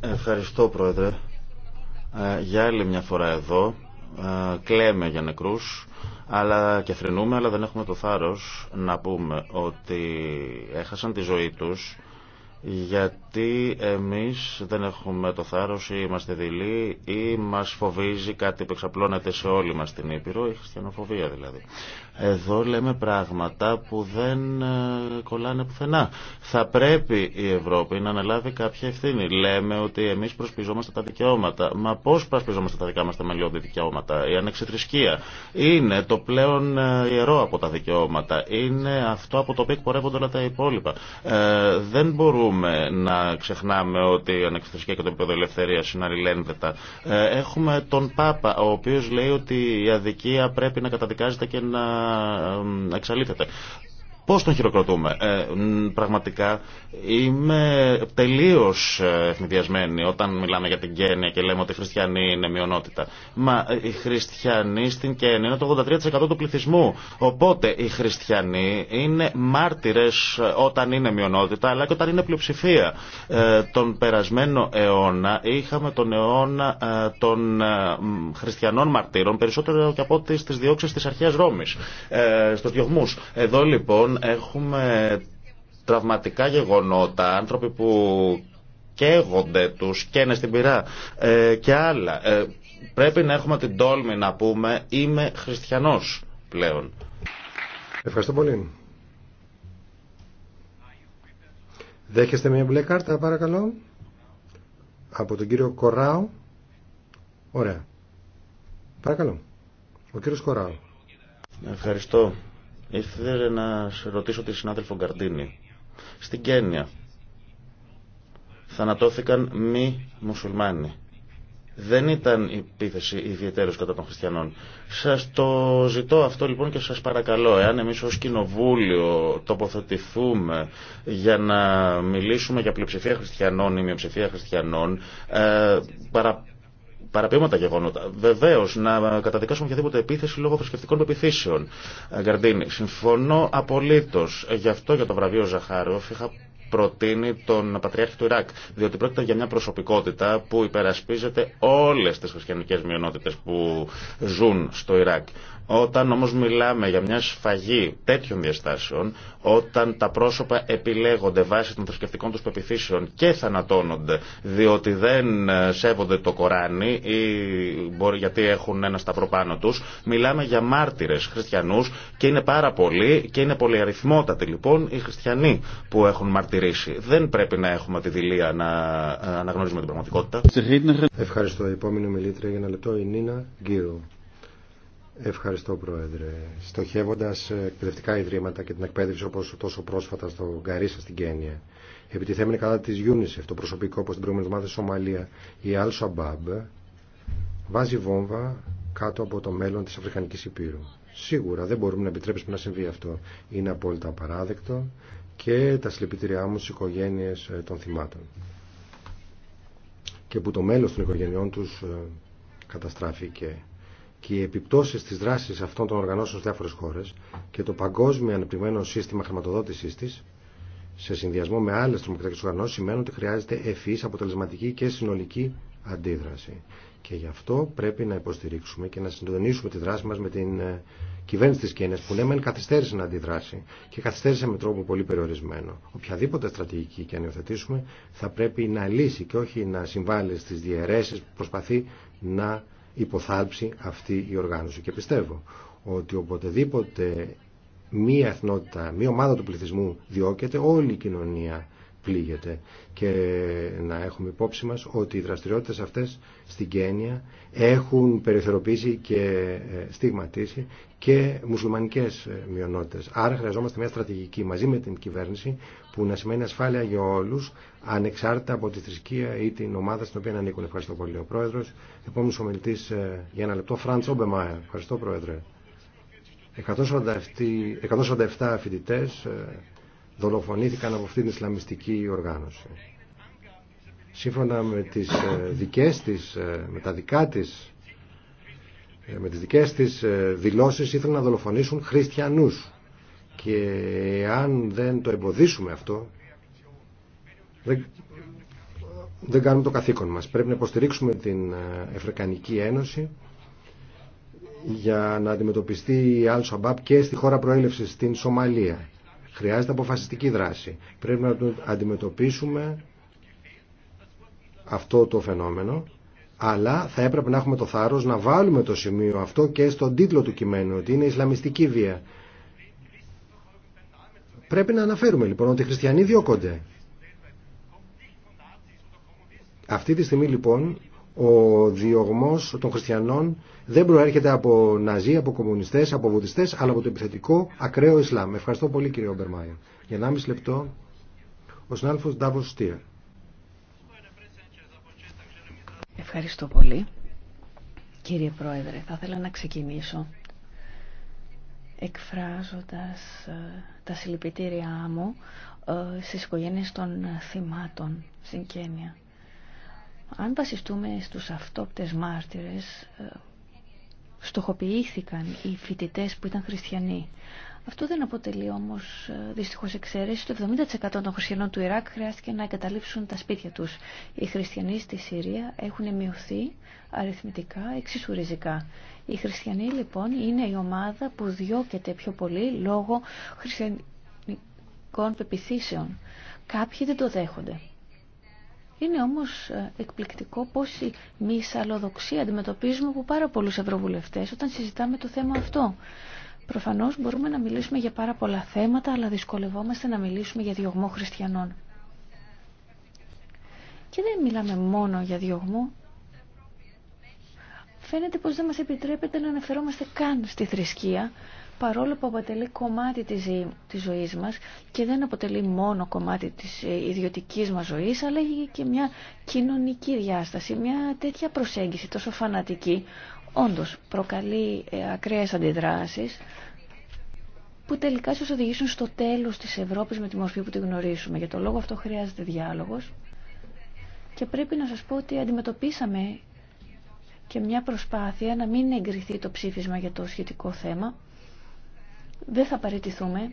Ευχαριστώ Πρόεδρε. Ε, για άλλη μια φορά εδώ ε, κλαίμε για νεκρούς αλλά και θρυνούμε αλλά δεν έχουμε το θάρρος να πούμε ότι έχασαν τη ζωή τους γιατί εμείς δεν έχουμε το θάρρος ή είμαστε δειλοί ή μας φοβίζει κάτι που εξαπλώνεται σε όλη μας την Ήπειρο, η χριστιανοφοβία δηλαδή. Εδώ λέμε πράγματα που δεν ε, κολλάνε πουθενά. Θα πρέπει η Ευρώπη να αναλάβει κάποια ευθύνη. Λέμε ότι εμείς προσπιζόμαστε τα δικαιώματα. Μα πώς προσπιζόμαστε τα δικά μας θεμελιώδη δικαιώματα. Η ανεξιθρησκεία είναι το πλέον ε, ιερό από τα δικαιώματα. Είναι αυτό από το οποίο εκπορεύονται όλα τα υπόλοιπα. Ε, δεν μπορούμε μπορούμε να ξεχνάμε ότι η ανεξαρτησία και το επίπεδο ελευθερία είναι αλληλένδετα. Ε, έχουμε τον Πάπα, ο οποίο λέει ότι η αδικία πρέπει να καταδικάζεται και να ε, εξαλείφεται. Πώ τον χειροκροτούμε. Ε, πραγματικά είμαι τελείω ε, ευνηδιασμένη όταν μιλάμε για την Κένια και λέμε ότι οι χριστιανοί είναι μειονότητα. Μα ε, οι χριστιανοί στην Κένια είναι το 83% του πληθυσμού. Οπότε οι χριστιανοί είναι μάρτυρε ε, όταν είναι μειονότητα αλλά και όταν είναι πλειοψηφία. Ε, τον περασμένο αιώνα είχαμε τον αιώνα ε, των χριστιανών μαρτύρων περισσότερο και από ό,τι στι διώξει τη αρχαία Ρώμη. Ε, Στου διωγμού. Εδώ λοιπόν έχουμε τραυματικά γεγονότα, άνθρωποι που καίγονται, τους καίνε στην πυρά ε, και άλλα. Ε, πρέπει να έχουμε την τόλμη να πούμε είμαι χριστιανός πλέον. Ευχαριστώ πολύ. Δέχεστε μια μπλε κάρτα παρακαλώ από τον κύριο Κοράου. Ωραία. Παρακαλώ. Ο κύριος Κοράου. Ευχαριστώ Ήθελε να σε ρωτήσω τη συνάδελφο Γκαρντίνη. Στην Κένια θανατώθηκαν μη μουσουλμάνοι. Δεν ήταν η επίθεση ιδιαίτερως κατά των χριστιανών. Σας το ζητώ αυτό λοιπόν και σας παρακαλώ, εάν εμείς ως κοινοβούλιο τοποθετηθούμε για να μιλήσουμε για πλειοψηφία χριστιανών ή μειοψηφία χριστιανών, ε, παρα, παραποιούμε τα γεγονότα. Βεβαίω, να καταδικάσουμε οποιαδήποτε επίθεση λόγω θρησκευτικών πεπιθήσεων. Γκαρντίνη, συμφωνώ απολύτω. Γι' αυτό για το βραβείο Ζαχάροφ είχα προτείνει τον Πατριάρχη του Ιράκ. Διότι πρόκειται για μια προσωπικότητα που υπερασπίζεται όλε τι χριστιανικέ μειονότητε που ζουν στο Ιράκ. Όταν όμω μιλάμε για μια σφαγή τέτοιων διαστάσεων, όταν τα πρόσωπα επιλέγονται βάσει των θρησκευτικών του πεπιθήσεων και θανατώνονται διότι δεν ε, σέβονται το Κοράνι ή γιατί έχουν ένα σταυρό πάνω του, μιλάμε για μάρτυρε χριστιανού και είναι πάρα πολλοί και είναι πολυαριθμότατοι λοιπόν οι χριστιανοί που έχουν μαρτυρήσει δεν πρέπει να έχουμε τη δηλία να ε, αναγνωρίζουμε την πραγματικότητα. Ευχαριστώ. Επόμενη μιλήτρια για ένα λεπτό η Νίνα Γκύρου. Ευχαριστώ, Πρόεδρε. Στοχεύοντα εκπαιδευτικά ιδρύματα και την εκπαίδευση όπω τόσο πρόσφατα στο Γκαρίσα στην Κένια, επιτιθέμενη κατά τη UNICEF, το προσωπικό όπω την προηγούμενη εβδομάδα στη Σομαλία, η Al Shabaab βάζει βόμβα κάτω από το μέλλον τη Αφρικανική Υπήρου. Σίγουρα δεν μπορούμε να επιτρέψουμε να συμβεί αυτό. Είναι απόλυτα απαράδεκτο και τα συλληπιτήριά μου στι οικογένειε ε, των θυμάτων και που το μέλος των οικογενειών τους ε, καταστράφηκε και οι επιπτώσεις τη δράση αυτών των οργανώσεων στι διάφορες χώρες και το παγκόσμιο ανεπτυγμένο σύστημα χρηματοδότησή τη σε συνδυασμό με άλλες τρομοκρατικές οργανώσει, σημαίνουν ότι χρειάζεται ευφυή, αποτελεσματική και συνολική αντίδραση. Και γι' αυτό πρέπει να υποστηρίξουμε και να συντονίσουμε τη δράση μας με την ε, κυβέρνηση τη Κένια, που ναι μεν καθυστέρησε να αντιδράσει και καθυστέρησε με τρόπο πολύ περιορισμένο. Οποιαδήποτε στρατηγική και αν υιοθετήσουμε θα πρέπει να λύσει και όχι να συμβάλλει στις διαιρέσει που προσπαθεί να υποθάλψει αυτή η οργάνωση. Και πιστεύω ότι οποτεδήποτε μία εθνότητα, μία ομάδα του πληθυσμού διώκεται, όλη η κοινωνία πλήγεται και να έχουμε υπόψη μας ότι οι δραστηριότητες αυτές στην Κένια έχουν περιθεροποιήσει και ε, στιγματίσει και μουσουλμανικές ε, μειονότητες. Άρα χρειαζόμαστε μια στρατηγική μαζί με την κυβέρνηση που να σημαίνει ασφάλεια για όλους ανεξάρτητα από τη θρησκεία ή την ομάδα στην οποία ανήκουν. Ευχαριστώ πολύ ο Πρόεδρος. Επόμενος ομιλητής ε, για ένα λεπτό, Φραντς Ομπεμάερ. Ευχαριστώ Πρόεδρε. 147 φοιτητέ δολοφονήθηκαν από αυτήν την Ισλαμιστική οργάνωση. Σύμφωνα με τις ε, δικές της, ε, με τα δικά της, ε, με τις δικές της δηλώσεις ήθελαν να δολοφονήσουν χριστιανούς και αν δεν το εμποδίσουμε αυτό δεν, δεν κάνουμε το καθήκον μας. Πρέπει να υποστηρίξουμε την Αφρικανική Ένωση για να αντιμετωπιστεί η Al Shabaab και στη χώρα προέλευσης, στην Σομαλία. Χρειάζεται αποφασιστική δράση. Πρέπει να το αντιμετωπίσουμε αυτό το φαινόμενο, αλλά θα έπρεπε να έχουμε το θάρρος να βάλουμε το σημείο αυτό και στον τίτλο του κειμένου, ότι είναι Ισλαμιστική βία. Πρέπει να αναφέρουμε λοιπόν ότι οι χριστιανοί διώκονται. Αυτή τη στιγμή λοιπόν ο διωγμός των χριστιανών δεν προέρχεται από ναζί, από κομμουνιστές, από βουδιστές, αλλά από το επιθετικό ακραίο Ισλάμ. Ευχαριστώ πολύ κύριε Ομπερμάιο. Για 1,5 λεπτό ο συνάδελφος Ντάβος Στήρ. Ευχαριστώ πολύ. Κύριε Πρόεδρε, θα ήθελα να ξεκινήσω εκφράζοντας ε, τα συλληπιτήριά μου ε, στις οικογένειες των θυμάτων στην Κένια. Αν βασιστούμε στους αυτόπτες μάρτυρες, ε, στοχοποιήθηκαν οι φοιτητέ που ήταν χριστιανοί. Αυτό δεν αποτελεί όμως ε, δυστυχώς εξαίρεση. Το 70% των χριστιανών του Ιράκ χρειάστηκε να εγκαταλείψουν τα σπίτια τους. Οι χριστιανοί στη Συρία έχουν μειωθεί αριθμητικά εξίσου Οι χριστιανοί λοιπόν είναι η ομάδα που διώκεται πιο πολύ λόγω χριστιανικών πεπιθήσεων. Κάποιοι δεν το δέχονται. Είναι όμως ε, εκπληκτικό μη μυσαλλοδοξία αντιμετωπίζουμε από πάρα πολλούς ευρωβουλευτές όταν συζητάμε το θέμα αυτό. Προφανώς μπορούμε να μιλήσουμε για πάρα πολλά θέματα, αλλά δυσκολευόμαστε να μιλήσουμε για διωγμό χριστιανών. Και δεν μιλάμε μόνο για διωγμό. Φαίνεται πως δεν μας επιτρέπεται να αναφερόμαστε καν στη θρησκεία, παρόλο που αποτελεί κομμάτι της, της ζωής μας και δεν αποτελεί μόνο κομμάτι της ε, ιδιωτικής μας ζωής, αλλά έχει και μια κοινωνική διάσταση, μια τέτοια προσέγγιση τόσο φανατική, όντως προκαλεί ε, ακραίες αντιδράσεις, που τελικά ίσως οδηγήσουν στο τέλος της Ευρώπης με τη μορφή που τη γνωρίζουμε. Για το λόγο αυτό χρειάζεται διάλογος. Και πρέπει να σας πω ότι αντιμετωπίσαμε και μια προσπάθεια να μην εγκριθεί το ψήφισμα για το σχετικό θέμα δεν θα παραιτηθούμε.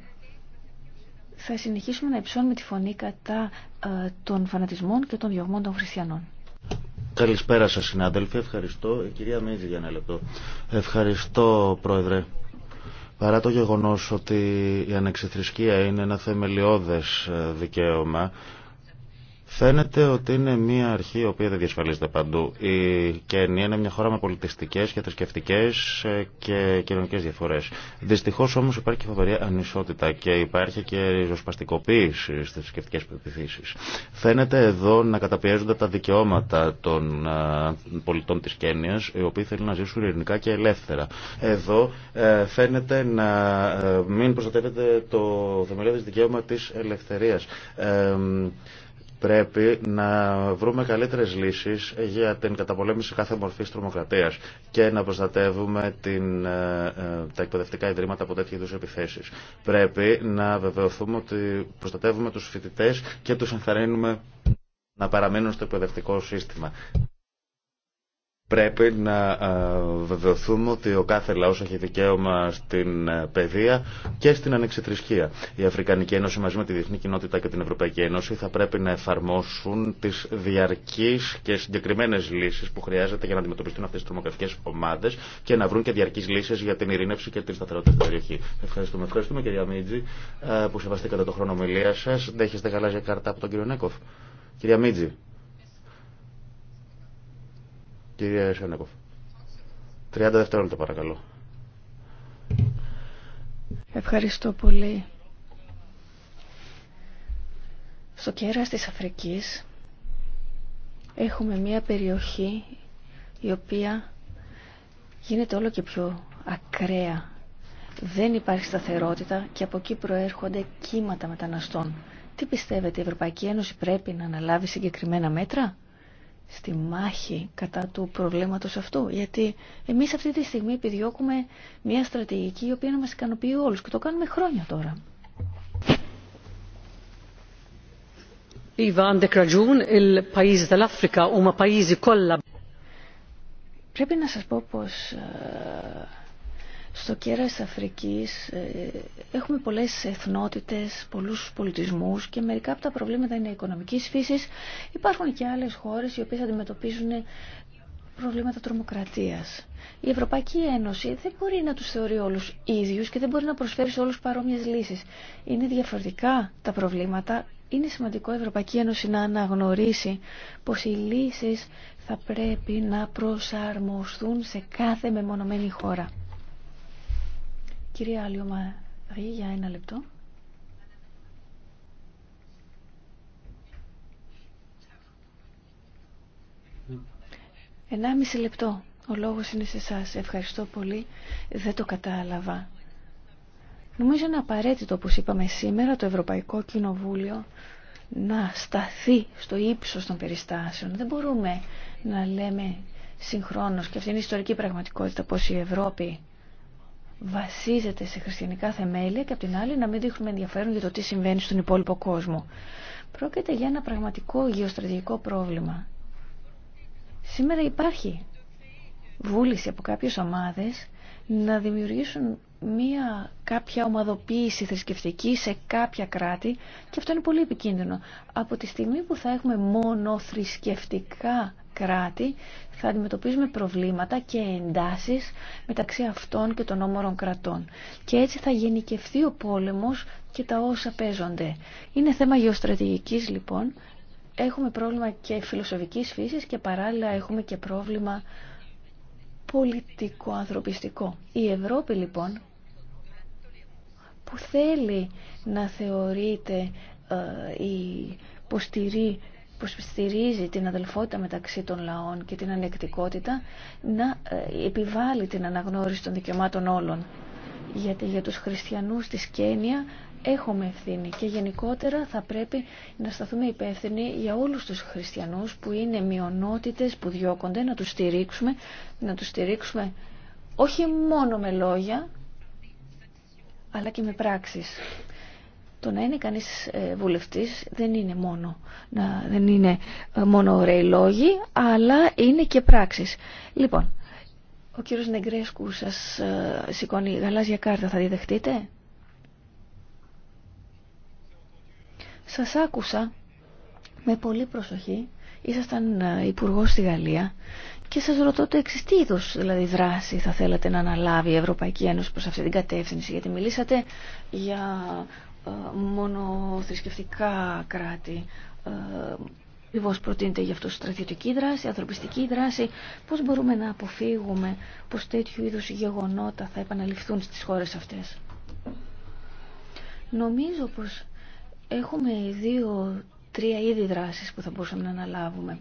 Θα συνεχίσουμε να υψώνουμε τη φωνή κατά ε, των φανατισμών και των διωγμών των χριστιανών. Καλησπέρα σας συνάδελφοι, ευχαριστώ. Η ε, κυρία Μίζη για ένα λεπτό. Ευχαριστώ πρόεδρε. Παρά το γεγονός ότι η ανεξιθρησκεία είναι ένα θεμελιώδες ε, δικαίωμα, Φαίνεται ότι είναι μια αρχή η οποία δεν διασφαλίζεται παντού. Η Κένια είναι μια χώρα με πολιτιστικέ και θρησκευτικέ ε, και κοινωνικέ διαφορέ. Δυστυχώ όμω υπάρχει και φοβερή ανισότητα και υπάρχει και ριζοσπαστικοποίηση στι θρησκευτικέ πεπιθήσει. Φαίνεται εδώ να καταπιέζονται τα δικαιώματα των ε, πολιτών τη Κένια, οι οποίοι θέλουν να ζήσουν ειρηνικά και ελεύθερα. Εδώ ε, φαίνεται να μην προστατεύεται το θεμελιώδε δικαίωμα τη ελευθερία. Πρέπει να βρούμε καλύτερε λύσει για την καταπολέμηση κάθε μορφή τρομοκρατία και να προστατεύουμε την, ε, ε, τα εκπαιδευτικά ιδρύματα από τέτοιου επιθέσει. Πρέπει να βεβαιωθούμε ότι προστατεύουμε τους φοιτητέ και τους ενθαρρύνουμε να παραμείνουν στο εκπαιδευτικό σύστημα. Πρέπει να ε, βεβαιωθούμε ότι ο κάθε λαός έχει δικαίωμα στην ε, παιδεία και στην ανεξιθρησκεία. Η Αφρικανική Ένωση μαζί με τη Διεθνή Κοινότητα και την Ευρωπαϊκή Ένωση θα πρέπει να εφαρμόσουν τις διαρκείς και συγκεκριμένες λύσεις που χρειάζεται για να αντιμετωπιστούν αυτές τις τρομοκρατικές ομάδες και να βρουν και διαρκείς λύσεις για την ειρήνευση και την σταθερότητα στην περιοχή. Ευχαριστούμε. Ευχαριστούμε κυρία Μίτζη ε, που σεβαστήκατε το χρόνο Δέχεστε γαλάζια κάρτα από τον κύριο Νέκοφ. Κυρία Μίτζη. Κύριε Σενέκοφ. 30 δευτερόλεπτα παρακαλώ. Ευχαριστώ πολύ. Στο κέρας της Αφρικής έχουμε μια περιοχή η οποία γίνεται όλο και πιο ακραία. Δεν υπάρχει σταθερότητα και από εκεί προέρχονται κύματα μεταναστών. Τι πιστεύετε, η Ευρωπαϊκή Ένωση πρέπει να αναλάβει συγκεκριμένα μέτρα? στη μάχη κατά του προβλήματος αυτού. Γιατί εμείς αυτή τη στιγμή επιδιώκουμε μια στρατηγική η οποία να μας ικανοποιεί όλους και το κάνουμε χρόνια τώρα. Πρέπει να σας πω πως ε, στο κέρας Αφρικής ε, έχουμε πολλές εθνότητες, πολλούς πολιτισμούς και μερικά από τα προβλήματα είναι οικονομικής φύσης. Υπάρχουν και άλλες χώρες οι οποίες αντιμετωπίζουν προβλήματα τρομοκρατίας. Η Ευρωπαϊκή Ένωση δεν μπορεί να τους θεωρεί όλους ίδιους και δεν μπορεί να προσφέρει σε όλους παρόμοιες λύσεις. Είναι διαφορετικά τα προβλήματα. Είναι σημαντικό η Ευρωπαϊκή Ένωση να αναγνωρίσει πως οι λύσεις θα πρέπει να προσαρμοστούν σε κάθε μεμονωμένη χώρα. Κυρία Αλιωμαρή, για ένα λεπτό. Ενάμιση λεπτό. Ο λόγος είναι σε εσά. Ευχαριστώ πολύ. Δεν το κατάλαβα. Νομίζω είναι απαραίτητο, όπως είπαμε σήμερα, το Ευρωπαϊκό Κοινοβούλιο να σταθεί στο ύψος των περιστάσεων. Δεν μπορούμε να λέμε συγχρόνως, και αυτή είναι η ιστορική πραγματικότητα, πως η Ευρώπη βασίζεται σε χριστιανικά θεμέλια και από την άλλη να μην δείχνουμε ενδιαφέρον για το τι συμβαίνει στον υπόλοιπο κόσμο. Πρόκειται για ένα πραγματικό γεωστρατηγικό πρόβλημα. Σήμερα υπάρχει βούληση από κάποιες ομάδες να δημιουργήσουν μία κάποια ομαδοποίηση θρησκευτική σε κάποια κράτη και αυτό είναι πολύ επικίνδυνο. Από τη στιγμή που θα έχουμε μόνο θρησκευτικά κράτη θα αντιμετωπίζουμε προβλήματα και εντάσεις μεταξύ αυτών και των όμορων κρατών. Και έτσι θα γενικευθεί ο πόλεμος και τα όσα παίζονται. Είναι θέμα γεωστρατηγικής λοιπόν. Έχουμε πρόβλημα και φιλοσοφικής φύσης και παράλληλα έχουμε και πρόβλημα πολιτικό-ανθρωπιστικό. Η Ευρώπη λοιπόν που θέλει να θεωρείται ε, η υποστηρή που στηρίζει την αδελφότητα μεταξύ των λαών και την ανεκτικότητα να ε, επιβάλλει την αναγνώριση των δικαιωμάτων όλων. Γιατί για τους χριστιανούς της Κένια έχουμε ευθύνη και γενικότερα θα πρέπει να σταθούμε υπεύθυνοι για όλους τους χριστιανούς που είναι μειονότητες που διώκονται να τους στηρίξουμε, να τους στηρίξουμε όχι μόνο με λόγια αλλά και με πράξεις. Το να είναι κανείς ε, βουλευτής δεν είναι μόνο, να, δεν είναι ε, μόνο ωραίοι λόγοι, αλλά είναι και πράξεις. Λοιπόν, ο κύριος Νεγκρέσκου σας ε, σηκώνει γαλάζια κάρτα, θα διδεχτείτε. Σας άκουσα με πολύ προσοχή, ήσασταν υπουργό στη Γαλλία και σας ρωτώ το εξής δηλαδή, δράση θα θέλατε να αναλάβει η Ευρωπαϊκή Ένωση προς αυτή την κατεύθυνση γιατί μιλήσατε για ε, μόνο θρησκευτικά κράτη Ακριβώ ε, λοιπόν, προτείνεται για αυτό στρατιωτική δράση, ανθρωπιστική δράση. Πώ μπορούμε να αποφύγουμε πω τέτοιου είδου γεγονότα θα επαναληφθούν στι χώρε αυτέ. Νομίζω πω έχουμε δύο-τρία είδη δράση που θα μπορούσαμε να αναλάβουμε.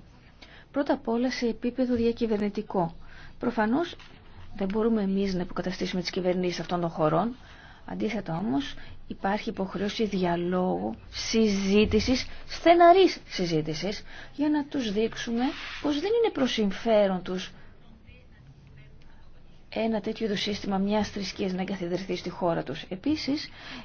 Πρώτα απ' όλα σε επίπεδο διακυβερνητικό. Προφανώ δεν μπορούμε εμεί να υποκαταστήσουμε τι κυβερνήσει αυτών των χωρών. Αντίθετα όμως υπάρχει υποχρέωση διαλόγου, συζήτησης, στεναρής συζήτησης, για να τους δείξουμε πως δεν είναι προ συμφέρον τους ένα τέτοιο είδου σύστημα μια θρησκεία να εγκαθιδρυθεί στη χώρα του. Επίση,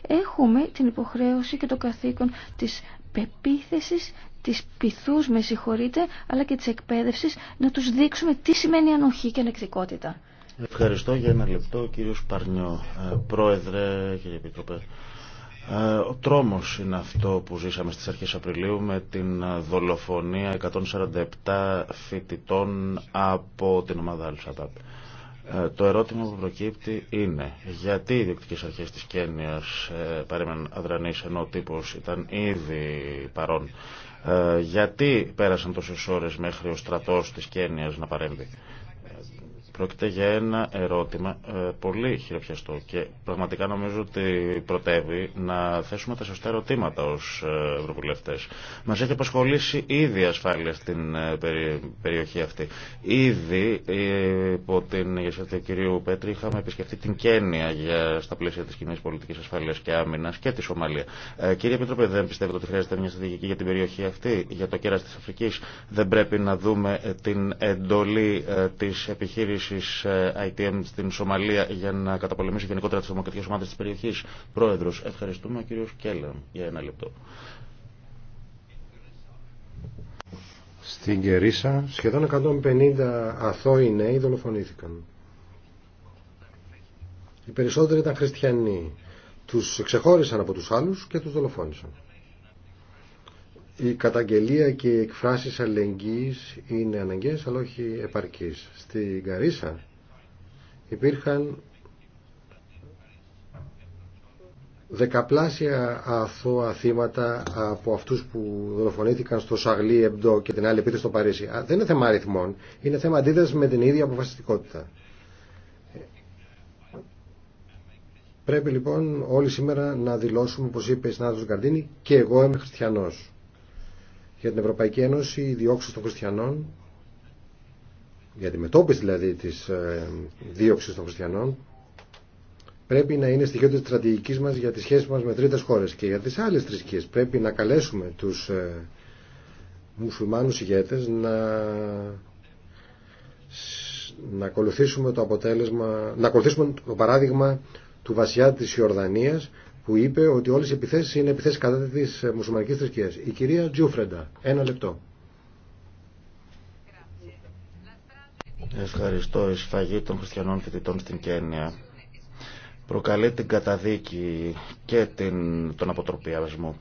έχουμε την υποχρέωση και το καθήκον τη πεποίθηση, τη πειθού, με συγχωρείτε, αλλά και τη εκπαίδευση να του δείξουμε τι σημαίνει ανοχή και ανεκτικότητα. Ευχαριστώ για ένα λεπτό, κύριο Σπαρνιό, ε, Πρόεδρε, κύριε Επίτροπε, ε, ο τρόμος είναι αυτό που ζήσαμε στις αρχές Απριλίου με την ε, δολοφονία 147 φοιτητών από την ομάδα ε, Το ερώτημα που προκύπτει είναι γιατί οι διοικητικές αρχές της Κένιας παρέμεναν αδρανείς ενώ ο τύπος ήταν ήδη παρόν. Γιατί πέρασαν τόσες ώρες μέχρι ο στρατός της Κένιας να παρέμβει. Πρόκειται για ένα ερώτημα ε, πολύ χειροπιαστό και πραγματικά νομίζω ότι πρωτεύει να θέσουμε τα σωστά ερωτήματα ω ε, ευρωβουλευτέ. Μα έχει απασχολήσει ήδη η ασφάλεια στην ε, περιοχή αυτή. Ήδη υπό την ηγεσία του κυρίου Πέτρη είχαμε επισκεφτεί την Κένια για, στα πλαίσια τη κοινή πολιτική ασφάλεια και άμυνα και τη Σομαλία. Κύριε Επίτροπε, δεν πιστεύετε ότι χρειάζεται μια στρατηγική για την περιοχή αυτή, για το κέρα τη Αφρική. Δεν πρέπει να δούμε την εντολή τη επιχείρηση επιχειρήσεις ε, ITM στην Σομαλία για να καταπολεμήσει γενικότερα τι δημοκρατικέ ομάδες της περιοχή Πρόεδρος, ευχαριστούμε ο κύριο Κέλλερ για ένα λεπτό. Στην Κερίσα σχεδόν 150 αθώοι νέοι δολοφονήθηκαν. Οι περισσότεροι ήταν χριστιανοί. Τους ξεχώρισαν από τους άλλους και τους δολοφόνησαν. Η καταγγελία και οι εκφράσεις αλληλεγγύης είναι αναγκαίες αλλά όχι επαρκείς. Στην Καρίσα υπήρχαν δεκαπλάσια αθώα θύματα από αυτούς που δολοφονήθηκαν στο Σαγλί Εμπτό και την άλλη επίθεση στο Παρίσι. Δεν είναι θέμα αριθμών, είναι θέμα αντίδραση με την ίδια αποφασιστικότητα. Πρέπει λοιπόν όλοι σήμερα να δηλώσουμε, όπως είπε η συνάδελφος Γκαρντίνη, και εγώ είμαι χριστιανός για την Ευρωπαϊκή Ένωση, η διώξη των χριστιανών, για τη μετώπιση δηλαδή της ε, διώξη των χριστιανών, πρέπει να είναι στοιχείο τη στρατηγική μας για τις σχέσεις μας με τρίτες χώρες και για τις άλλες θρησκείε. Πρέπει να καλέσουμε τους ε, μουσουλμάνους ηγέτες να να ακολουθήσουμε το αποτέλεσμα, να ακολουθήσουμε το παράδειγμα του βασιά της Ιορδανίας που είπε ότι όλες οι επιθέσεις είναι επιθέσεις κατά της ε, μουσουμανικής θρησκείας. Η κυρία Τζούφρεντα, ένα λεπτό. Ευχαριστώ. Η σφαγή των χριστιανών φοιτητών στην Κένια προκαλεί την καταδίκη και την, τον αποτροπιασμό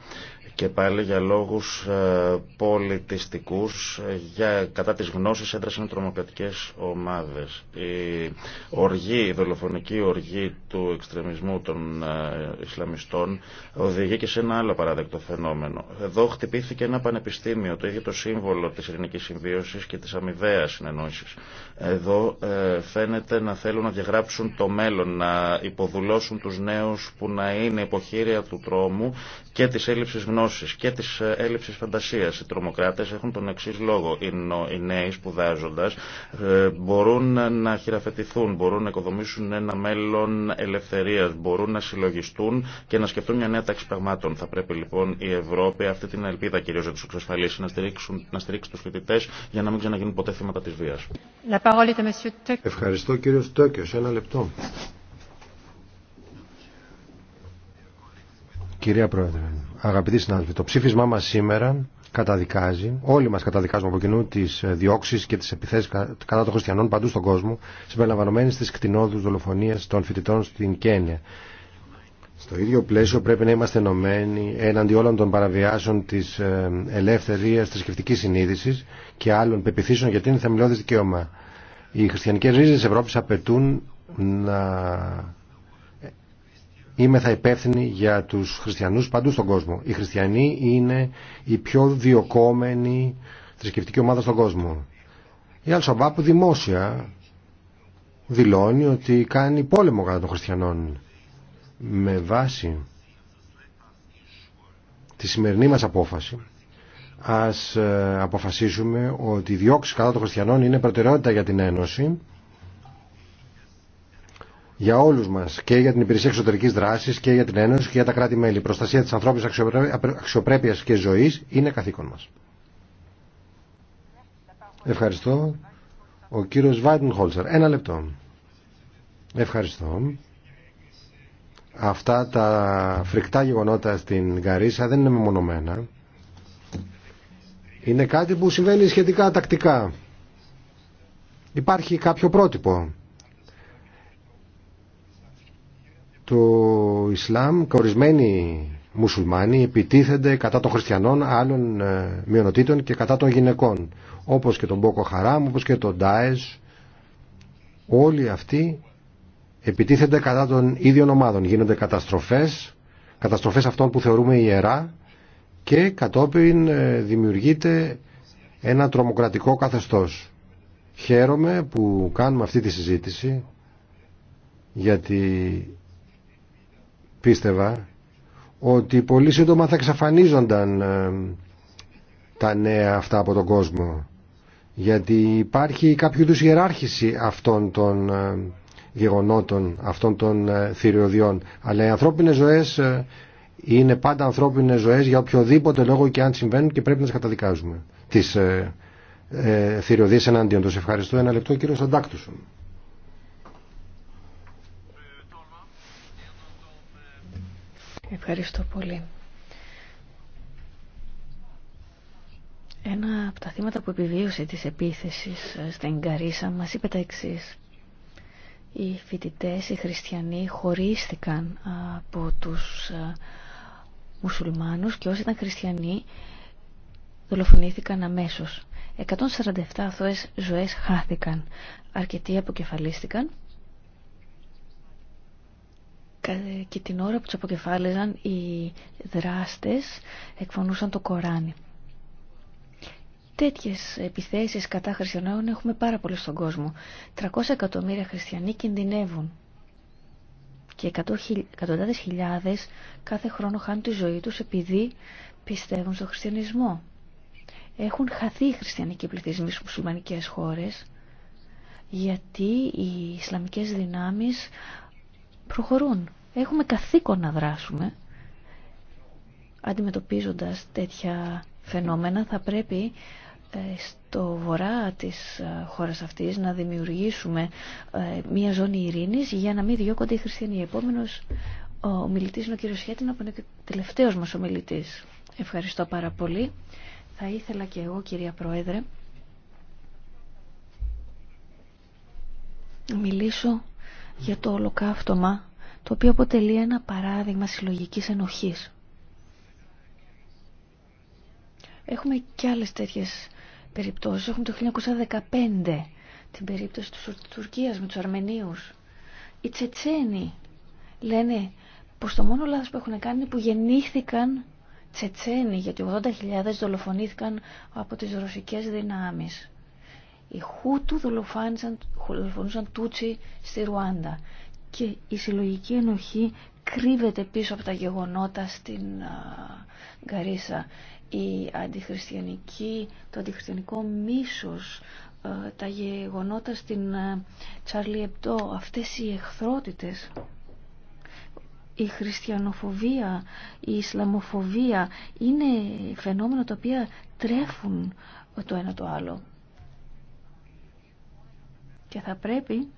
και πάλι για λόγους ε, πολιτιστικούς ε, για, κατά τις γνώσεις έντρασαν τρομοκρατικές ομάδες. Η οργή, η δολοφονική οργή του εξτρεμισμού των ε, Ισλαμιστών οδηγεί και σε ένα άλλο παράδεκτο φαινόμενο. Εδώ χτυπήθηκε ένα πανεπιστήμιο, το ίδιο το σύμβολο της ειρηνικής συμβίωσης και της αμοιβαίας συνεννόησης. Εδώ ε, φαίνεται να θέλουν να διαγράψουν το μέλλον, να υποδουλώσουν τους νέους που να είναι υποχείρια του τρόμου και της έλλειψης γνώσης και της ε, έλλειψης φαντασίας. Οι τρομοκράτες έχουν τον εξή λόγο. Οι νέοι σπουδάζοντα ε, μπορούν να χειραφετηθούν, μπορούν να οικοδομήσουν ένα μέλλον ελευθερίας, μπορούν να συλλογιστούν και να σκεφτούν μια νέα τάξη πραγμάτων. Θα πρέπει λοιπόν η Ευρώπη αυτή την ελπίδα κυρίως να τους εξασφαλίσει, να στηρίξει, να στηρίξει τους φοιτητές για να μην ξαναγίνουν ποτέ θύματα της βίας. Ευχαριστώ κύριο Τόκιος. Ένα λεπτό. Κυρία Πρόεδρε, αγαπητοί συνάδελφοι, το ψήφισμά μας σήμερα καταδικάζει, όλοι μας καταδικάζουμε από κοινού τις ε, διώξεις και τις επιθέσεις κατά των χριστιανών παντού στον κόσμο, συμπεριλαμβανομένες στις κτηνόδους δολοφονίες των φοιτητών στην Κένια. Στο ίδιο πλαίσιο πρέπει να είμαστε ενωμένοι έναντι όλων των παραβιάσεων τη της ε, θρησκευτική συνείδηση και άλλων πεπιθήσεων γιατί είναι θεμελιώδη δικαίωμα. Οι χριστιανικές ρίζες της Ευρώπης απαιτούν να είμαι θα υπεύθυνοι για τους χριστιανούς παντού στον κόσμο. Οι χριστιανοί είναι η πιο διοκόμενη θρησκευτική ομάδα στον κόσμο. Η Αλσοβά που δημόσια δηλώνει ότι κάνει πόλεμο κατά των χριστιανών με βάση τη σημερινή μας απόφαση ας ε, αποφασίσουμε ότι η διώξη κατά των χριστιανών είναι προτεραιότητα για την Ένωση για όλους μας και για την υπηρεσία εξωτερικής δράσης και για την Ένωση και για τα κράτη-μέλη. προστασία της ανθρώπινης αξιοπρέπειας και ζωής είναι καθήκον μας. Ευχαριστώ. Ο κύριος Βάιντιν Ένα λεπτό. Ευχαριστώ. Αυτά τα φρικτά γεγονότα στην Καρίσα δεν είναι μεμονωμένα. Είναι κάτι που συμβαίνει σχετικά τακτικά. Υπάρχει κάποιο πρότυπο. Το Ισλάμ, ορισμένοι μουσουλμάνοι επιτίθενται κατά των χριστιανών, άλλων ε, μειονοτήτων και κατά των γυναικών. Όπως και τον Μπόκο Χαράμ, όπως και τον Ντάες. Όλοι αυτοί επιτίθενται κατά των ίδιων ομάδων. Γίνονται καταστροφές, καταστροφές αυτών που θεωρούμε ιερά και κατόπιν ε, δημιουργείται ένα τρομοκρατικό καθεστώς. Χαίρομαι που κάνουμε αυτή τη συζήτηση γιατί πίστευα ότι πολύ σύντομα θα εξαφανίζονταν ε, τα νέα αυτά από τον κόσμο γιατί υπάρχει κάποιο είδους ιεράρχηση αυτών των ε, γεγονότων, αυτών των θηριωδιών αλλά οι ανθρώπινες ζωές είναι πάντα ανθρώπινες ζωές για οποιοδήποτε λόγο και αν συμβαίνουν και πρέπει να τις καταδικάζουμε. Τις ε, ε εναντίον τους. Ευχαριστώ. Ένα λεπτό κύριο Σαντάκτουσον. Ευχαριστώ πολύ. Ένα από τα θύματα που επιβίωσε της επίθεσης ε, στην Καρίσα μας είπε τα εξής. Οι φοιτητές, οι χριστιανοί χωρίστηκαν από τους ε, μουσουλμάνους και όσοι ήταν χριστιανοί δολοφονήθηκαν αμέσως. 147 αθώες ζωές χάθηκαν. Αρκετοί αποκεφαλίστηκαν και την ώρα που τους αποκεφάλιζαν οι δράστες εκφωνούσαν το Κοράνι. Τέτοιες επιθέσεις κατά χριστιανών έχουμε πάρα πολύ στον κόσμο. 300 εκατομμύρια χριστιανοί κινδυνεύουν και εκατοντάδες χιλιάδες κάθε χρόνο χάνουν τη ζωή τους επειδή πιστεύουν στον χριστιανισμό. Έχουν χαθεί οι χριστιανικοί πληθυσμοί στις μουσουλμανικές χώρες γιατί οι Ισλαμικές δυνάμεις προχωρούν. Έχουμε καθήκον να δράσουμε. Αντιμετωπίζοντας τέτοια φαινόμενα θα πρέπει ε, στο βορρά της ε, χώρας αυτής να δημιουργήσουμε ε, μια ζώνη ειρήνης για να μην διώκονται οι χριστιανοί. Επόμενος ο μιλητής είναι ο κύριος Χέτινα που είναι και τελευταίος μας ο μιλητής. Ευχαριστώ πάρα πολύ. Θα ήθελα και εγώ κυρία Πρόεδρε να μιλήσω για το ολοκαύτωμα το οποίο αποτελεί ένα παράδειγμα συλλογικής ενοχής. Έχουμε και άλλες τέτοιες περιπτώσεις. Έχουμε το 1915 την περίπτωση της Τουρκίας με τους Αρμενίους. Οι Τσετσένοι λένε πως το μόνο λάθος που έχουν κάνει είναι που γεννήθηκαν Τσετσένοι, γιατί 80.000 δολοφονήθηκαν από τις ρωσικές δυνάμεις. Οι Χούτου δολοφονούσαν Τούτσι στη Ρουάντα και η συλλογική ενοχή κρύβεται πίσω από τα γεγονότα στην Γκαρίσα η αντιχριστιανική, το αντιχριστιανικό μίσος, ε, τα γεγονότα στην Τσάρλι ε, Επτό, αυτές οι εχθρότητες, η χριστιανοφοβία, η ισλαμοφοβία είναι φαινόμενα τα οποία τρέφουν το ένα το άλλο. Και θα πρέπει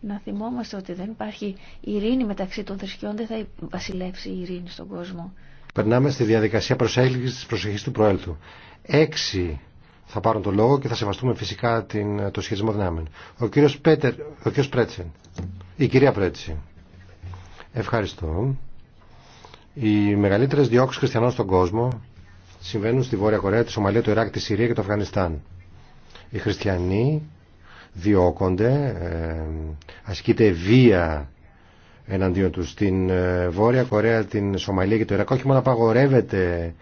να θυμόμαστε ότι δεν υπάρχει ειρήνη μεταξύ των θρησκειών, δεν θα βασιλεύσει η ειρήνη στον κόσμο. Περνάμε στη διαδικασία προσέλκυση τη προσοχή του προέλθου. Έξι θα πάρουν το λόγο και θα σεβαστούμε φυσικά την, το σχετισμό δυνάμεων. Ο κύριος, Πέτερ, ο κύριος Πρέτσεν, η κυρία Πρέτσεν. Ευχαριστώ. Οι μεγαλύτερε διώξει χριστιανών στον κόσμο συμβαίνουν στη Βόρεια Κορέα, τη Σομαλία, το Ιράκ, τη Συρία και το Αφγανιστάν. Οι χριστιανοί διώκονται, ε, ασκείται βία εναντίον του. Στην ε, Βόρεια Κορέα, την Σομαλία και το Ιρακό. όχι μόνο απαγορεύεται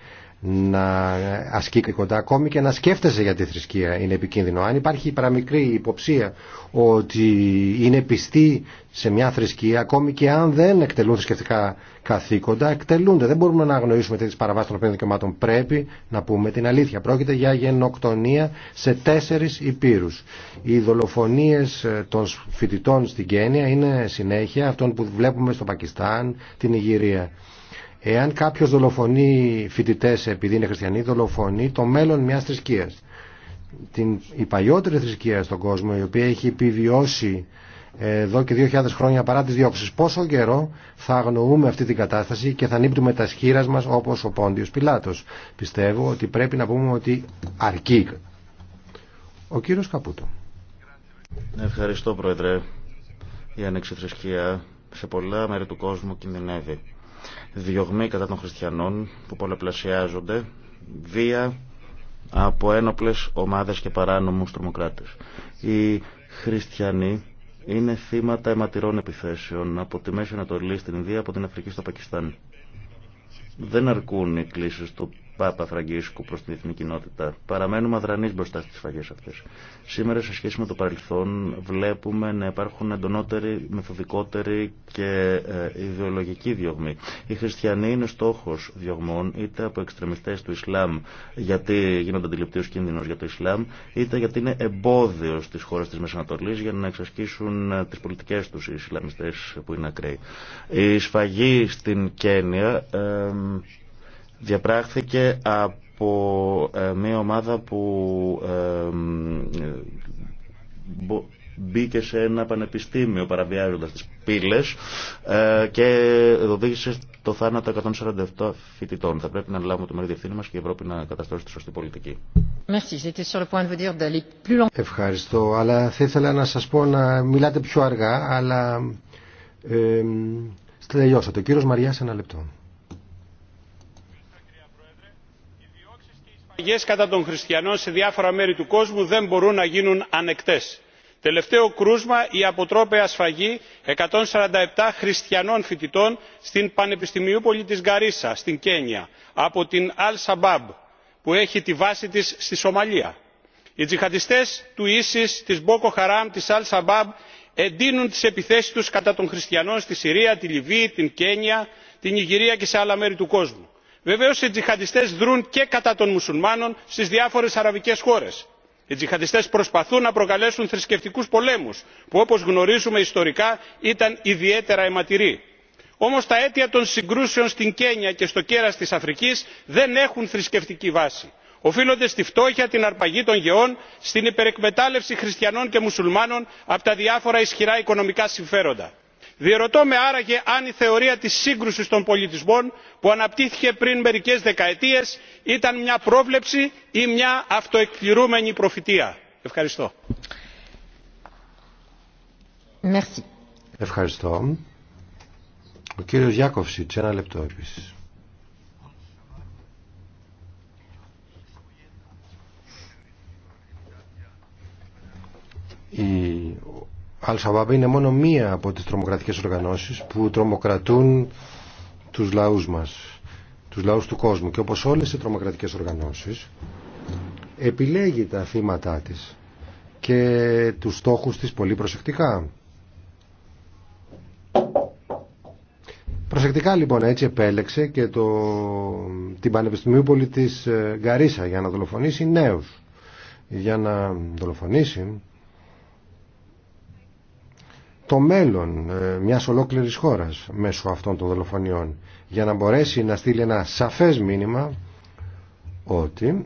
να ασκεί κοντά ακόμη και να σκέφτεσαι για τη θρησκεία είναι επικίνδυνο. Αν υπάρχει παραμικρή υποψία ότι είναι πιστή σε μια θρησκεία, ακόμη και αν δεν εκτελούν θρησκευτικά καθήκοντα, εκτελούνται. Δεν μπορούμε να αγνοήσουμε τέτοιε παραβάσει των πέντε δικαιωμάτων. Πρέπει να πούμε την αλήθεια. Πρόκειται για γενοκτονία σε τέσσερι υπήρου. Οι δολοφονίε ε, των φοιτητών στην Κένια είναι συνέχεια αυτών που βλέπουμε στο Πακιστάν, την Ιγυρία. Εάν κάποιο δολοφονεί φοιτητέ επειδή είναι χριστιανοί, δολοφονεί το μέλλον μια θρησκεία. Την, η παλιότερη θρησκεία στον κόσμο, η οποία έχει επιβιώσει ε, εδώ και 2.000 χρόνια παρά τι διώξει, Πόσο καιρό θα αγνοούμε αυτή την κατάσταση και θα νύπτουμε τα σχήρα μα όπω ο πόντιο πιλάτο. Πιστεύω ότι πρέπει να πούμε ότι αρκεί. Ο κύριο Καπούτο. Ευχαριστώ Πρόεδρε. Η θρησκεία σε πολλά μέρη του κόσμου κινδυνεύει. Διωγμή κατά των χριστιανών που πολλαπλασιάζονται, βία από ένοπλες ομάδες και παράνομους τρομοκράτες. Οι χριστιανοί είναι θύματα αιματηρών επιθέσεων από τη Μέση Ανατολή στην Ινδία, από την Αφρική στο Πακιστάν. Δεν αρκούν οι κλήσεις του Πάπα Φραγκίσκου προ την διεθνή κοινότητα. Παραμένουμε αδρανείς μπροστά στι σφαγέ αυτέ. Σήμερα σε σχέση με το παρελθόν βλέπουμε να υπάρχουν εντονότεροι, μεθοδικότεροι και ε, ιδεολογικοί διωγμοί. Οι χριστιανοί είναι στόχο διωγμών είτε από εξτρεμιστέ του Ισλάμ γιατί γίνονται αντιληπτοί ως κίνδυνος για το Ισλάμ είτε γιατί είναι εμπόδιο στι χώρε τη Μεσανατολή για να εξασκήσουν ε, τι πολιτικέ του οι Ισλάμιστέ που είναι ακραίοι. Η σφαγή στην Κένια... Ε, διαπράχθηκε από ε, μια ομάδα που ε, μπήκε σε ένα πανεπιστήμιο παραβιάζοντας τις πύλες ε, και οδήγησε το θάνατο 147 φοιτητών. Θα πρέπει να λάβουμε το μέρος διευθύνη μας και η Ευρώπη να καταστρώσει τη σωστή πολιτική. Ευχαριστώ, αλλά θα ήθελα να σας πω να μιλάτε πιο αργά, αλλά ε, Ο Κύριος Μαριάς, ένα λεπτό. συναλλαγές κατά των χριστιανών σε διάφορα μέρη του κόσμου δεν μπορούν να γίνουν ανεκτές. τελευταίο κρούσμα η αποτρόπαια σφαγή 147 χριστιανών φοιτητών στην πανεπιστημιούπολη της γκαρίσα στην κένια από την αλ σαμπάμπ που έχει τη βάση της στη σομαλία. οι τζιχαντιστές του ίσις της μπόκο χαράμ της αλ σαμπάμπ εντείνουν τις επιθέσεις τους κατά των χριστιανών στη συρία τη λιβύη την κένια την νιγηρία και σε άλλα μέρη του κόσμου βεβαίως οι τζιχαντιστές δρούν και κατά των μουσουλμάνων στις διάφορες αραβικές χώρες. οι τζιχαντιστές προσπαθούν να προκαλέσουν θρησκευτικούς πολέμους που όπως γνωρίζουμε ιστορικά ήταν ιδιαίτερα αιματηροί. όμως τα αίτια των συγκρούσεων στην κένια και στο κέρας της αφρικής δεν έχουν θρησκευτική βάση. οφείλονται στη φτώχεια την αρπαγή των γεών στην υπερεκμετάλλευση χριστιανών και μουσουλμάνων από τα διάφορα ισχυρά οικονομικά συμφέροντα διερωτώ με άραγε αν η θεωρία της σύγκρουσης των πολιτισμών που αναπτύχθηκε πριν μερικές δεκαετίες ήταν μια πρόβλεψη ή μια αυτοεκπληρούμενη προφητεία. ευχαριστώ. ευχαριστώ. Ο κύριος Γιάκοφσιτς, ένα λεπτό επίσης. η μια αυτοεκπληρουμενη προφητεια ευχαριστω ευχαριστω ο κυριος ενα λεπτο επισης Αλσαβάμπ είναι μόνο μία από τις τρομοκρατικές οργανώσεις που τρομοκρατούν τους λαούς μας, τους λαούς του κόσμου. Και όπως όλες οι τρομοκρατικές οργανώσεις, επιλέγει τα θύματά της και τους στόχους της πολύ προσεκτικά. Προσεκτικά λοιπόν έτσι επέλεξε και το, την Πανεπιστημίου της ε, Γκαρίσα για να δολοφονήσει νέους. Για να δολοφονήσει το μέλλον ε, μιας ολόκληρης χώρας μέσω αυτών των δολοφονιών για να μπορέσει να στείλει ένα σαφές μήνυμα ότι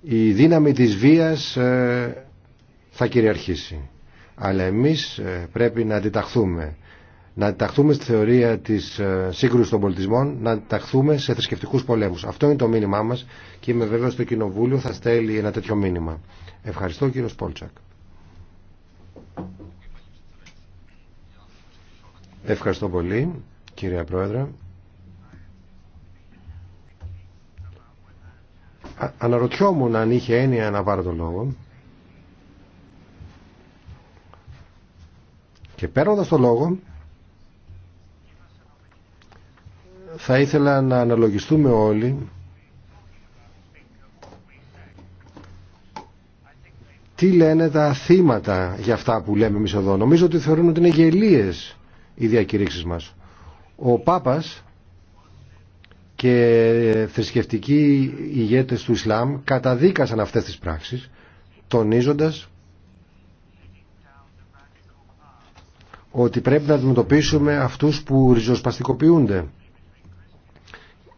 η δύναμη της βίας ε, θα κυριαρχήσει. Αλλά εμείς ε, πρέπει να αντιταχθούμε. Να αντιταχθούμε στη θεωρία της σύγκρουσης των πολιτισμών, να αντιταχθούμε σε θρησκευτικούς πολέμους. Αυτό είναι το μήνυμά μας και είμαι βέβαιος στο Κοινοβούλιο θα στέλνει ένα τέτοιο μήνυμα. Ευχαριστώ κύριο Πόλτσακ. Ευχαριστώ πολύ, κυρία Πρόεδρε. Αναρωτιόμουν αν είχε έννοια να πάρω τον λόγο. Και παίρνοντας το λόγο, θα ήθελα να αναλογιστούμε όλοι τι λένε τα θύματα για αυτά που λέμε εμείς εδώ. Νομίζω ότι θεωρούν ότι είναι γελίες οι διακηρύξεις μας. Ο Πάπας και θρησκευτικοί ηγέτες του Ισλάμ καταδίκασαν αυτές τις πράξεις τονίζοντας ότι πρέπει να αντιμετωπίσουμε αυτούς που ριζοσπαστικοποιούνται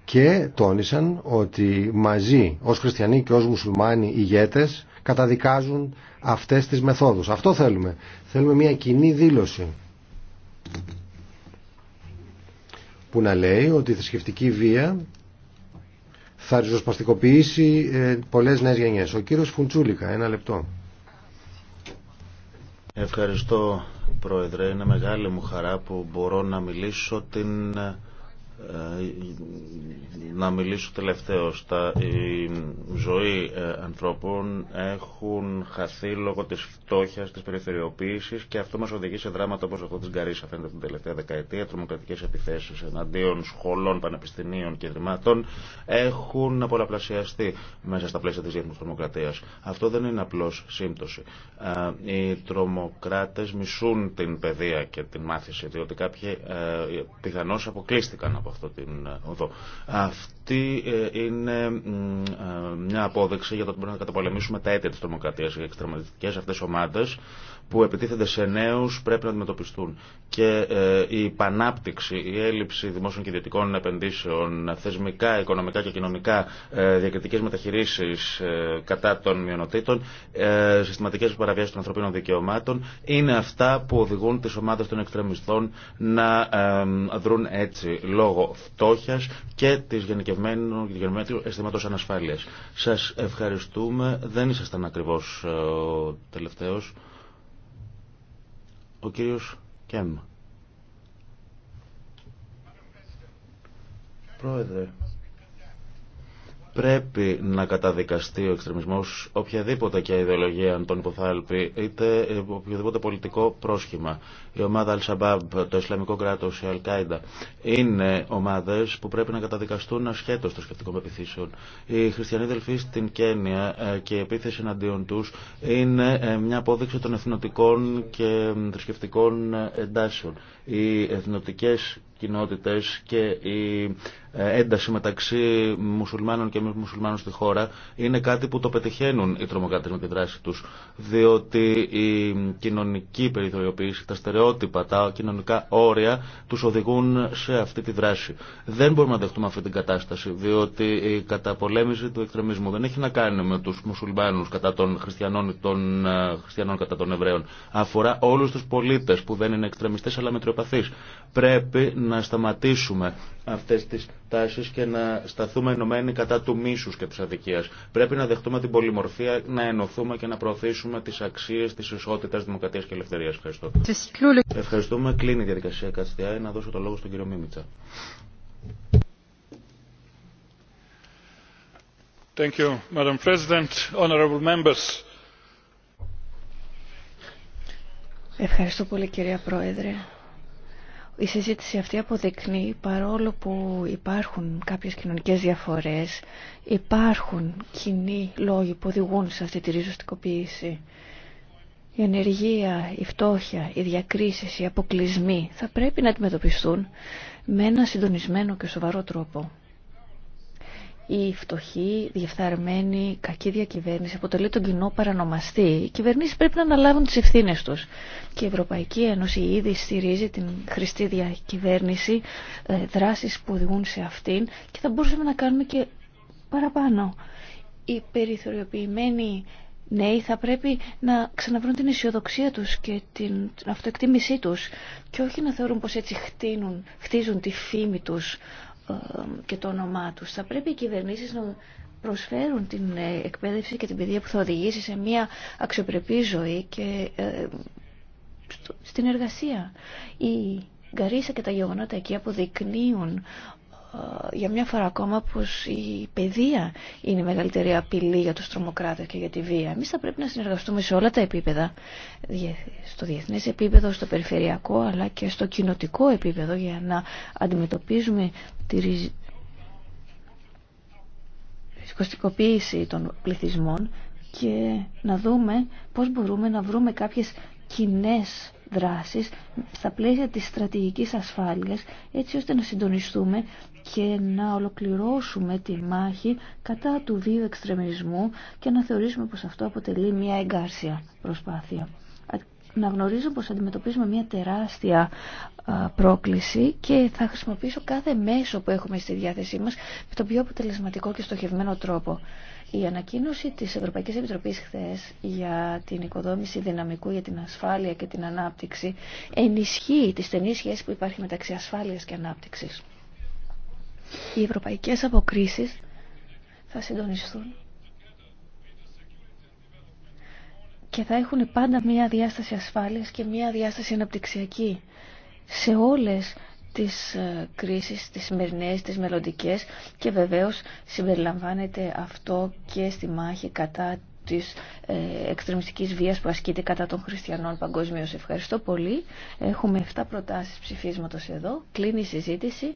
και τόνισαν ότι μαζί ως χριστιανοί και ως μουσουλμάνοι ηγέτες καταδικάζουν αυτές τις μεθόδους. Αυτό θέλουμε. Θέλουμε μια κοινή δήλωση που να λέει ότι η θρησκευτική βία θα ριζοσπαστικοποιήσει ε, πολλές νέες γενιές. Ο κύριος Φουντσούλικα, ένα λεπτό. Ευχαριστώ Πρόεδρε. Είναι μεγάλη μου χαρά που μπορώ να μιλήσω την ε, να μιλήσω τελευταίως. Τα, η ζωή ε, ανθρώπων έχουν χαθεί λόγω της φτώχειας, της περιφερειοποίησης και αυτό μας οδηγεί σε δράματα όπως αυτό της Γκαρίσα φαίνεται την τελευταία δεκαετία. Τρομοκρατικές επιθέσεις εναντίον σχολών, πανεπιστημίων και ιδρυμάτων έχουν απολαπλασιαστεί μέσα στα πλαίσια της διεθνούς τρομοκρατίας. Αυτό δεν είναι απλώς σύμπτωση. Ε, οι τρομοκράτες μισούν την παιδεία και την μάθηση, διότι κάποιοι ε, πιθανώς αποκλείστηκαν από ε, αυτή την ε, Αυτή είναι ε, μια απόδειξη για το ότι μπορούμε να καταπολεμήσουμε τα αίτια της τρομοκρατίας, τι εξτρεματικές αυτές ομάδες που επιτίθενται σε νέου πρέπει να αντιμετωπιστούν. Και ε, η πανάπτυξη, η έλλειψη δημόσιων και ιδιωτικών επενδύσεων, θεσμικά, οικονομικά και κοινωνικά, ε, διακριτικέ μεταχειρήσει ε, κατά των μειονοτήτων, ε, συστηματικέ παραβιάσει των ανθρωπίνων δικαιωμάτων, είναι αυτά που οδηγούν τι ομάδε των εξτρεμιστών να ε, δρουν έτσι λόγω φτώχεια και τη γενικευμένου αισθήματο ανασφάλεια. Σα ευχαριστούμε. Δεν ήσασταν ακριβώ ο τελευταίο. Ο κύριος Κέμ. Πρόεδρε, Πρέπει να καταδικαστεί ο εξτρεμισμός οποιαδήποτε και ιδεολογία αν τον υποθάλπη είτε οποιοδήποτε πολιτικό πρόσχημα. Η ομαδα al Αλ-Σαμπάμπ, το Ισλαμικό κράτο, η Al-Qaeda είναι ομάδες που πρέπει να καταδικαστούν ασχέτως των σκεπτικών πεπιθήσεων. Οι χριστιανοί δελφοί στην Κένια ε, και η επίθεση εναντίον τους είναι ε, μια απόδειξη των εθνοτικών και θρησκευτικών ε, εντάσεων. Οι εθνοτικέ κοινότητες και οι ε, ένταση μεταξύ μουσουλμάνων και μη μουσουλμάνων στη χώρα είναι κάτι που το πετυχαίνουν οι τρομοκράτες με τη δράση τους διότι η κοινωνική περιθωριοποίηση, τα στερεότυπα, τα κοινωνικά όρια τους οδηγούν σε αυτή τη δράση. Δεν μπορούμε να δεχτούμε αυτή την κατάσταση διότι η καταπολέμηση του εκτρεμισμού δεν έχει να κάνει με τους μουσουλμάνους κατά των χριστιανών ή των ε, χριστιανών κατά των Εβραίων. Αφορά όλους τους πολίτες που δεν είναι εκτρεμιστές αλλά μετριοπαθείς. Πρέπει να σταματήσουμε αυτές τις τάσεις και να σταθούμε ενωμένοι κατά του μίσους και της αδικίας. Πρέπει να δεχτούμε την πολυμορφία, να ενωθούμε και να προωθήσουμε τις αξίες της ισότητας, δημοκρατίας και ελευθερίας. Ευχαριστώ. Ευχαριστούμε. Κλείνει η διαδικασία Κατστιάη. Να δώσω το λόγο στον κύριο Μίμητσα. Thank you, Madam President, members. Ευχαριστώ πολύ κυρία Πρόεδρε. Η συζήτηση αυτή αποδεικνύει παρόλο που υπάρχουν κάποιες κοινωνικές διαφορές, υπάρχουν κοινοί λόγοι που οδηγούν σε αυτή τη ριζοστικοποίηση. Η ανεργία, η φτώχεια, οι διακρίσεις, οι αποκλεισμοί θα πρέπει να αντιμετωπιστούν με ένα συντονισμένο και σοβαρό τρόπο η φτωχή, διεφθαρμένη, κακή διακυβέρνηση αποτελεί τον κοινό παρανομαστή. Οι κυβερνήσει πρέπει να αναλάβουν τι ευθύνε του. Και η Ευρωπαϊκή Ένωση ήδη στηρίζει την χρηστή διακυβέρνηση, ε, δράσει που οδηγούν σε αυτήν και θα μπορούσαμε να κάνουμε και παραπάνω. Οι περιθωριοποιημένοι νέοι θα πρέπει να ξαναβρούν την αισιοδοξία τους και την αυτοεκτίμησή τους και όχι να θεωρούν πως έτσι χτίζουν τη φήμη τους και το όνομά τους. Θα πρέπει οι κυβερνήσεις να προσφέρουν την ε, εκπαίδευση και την παιδεία που θα οδηγήσει σε μια αξιοπρεπή ζωή και ε, στην εργασία. Η Γκαρίσα και τα γεγονότα εκεί αποδεικνύουν ε, για μια φορά ακόμα πως η παιδεία είναι η μεγαλύτερη απειλή για τους τρομοκράτες και για τη βία. Εμείς θα πρέπει να συνεργαστούμε σε όλα τα επίπεδα, στο διεθνές επίπεδο, στο περιφερειακό αλλά και στο κοινοτικό επίπεδο για να αντιμετωπίζουμε τη ριζικοστικοποίηση των πληθυσμών και να δούμε πώς μπορούμε να βρούμε κάποιες κοινέ δράσεις στα πλαίσια της στρατηγικής ασφάλειας έτσι ώστε να συντονιστούμε και να ολοκληρώσουμε τη μάχη κατά του βίου εξτρεμισμού και να θεωρήσουμε πως αυτό αποτελεί μια εγκάρσια προσπάθεια να γνωρίζω πως αντιμετωπίζουμε μια τεράστια πρόκληση και θα χρησιμοποιήσω κάθε μέσο που έχουμε στη διάθεσή μας με τον πιο αποτελεσματικό και στοχευμένο τρόπο. Η ανακοίνωση της Ευρωπαϊκής Επιτροπής χθες για την οικοδόμηση δυναμικού για την ασφάλεια και την ανάπτυξη ενισχύει τη στενή σχέση που υπάρχει μεταξύ ασφάλειας και ανάπτυξης. Οι ευρωπαϊκές αποκρίσεις θα συντονιστούν και θα έχουν πάντα μία διάσταση ασφάλειας και μία διάσταση αναπτυξιακή. Σε όλες τις ε, κρίσεις, τις σημερινές, τις μελλοντικέ και βεβαίως συμπεριλαμβάνεται αυτό και στη μάχη κατά της ε, εξτρεμιστικής βίας που ασκείται κατά των χριστιανών παγκοσμίως. Ευχαριστώ πολύ. Έχουμε 7 προτάσεις ψηφίσματος εδώ. Κλείνει η συζήτηση.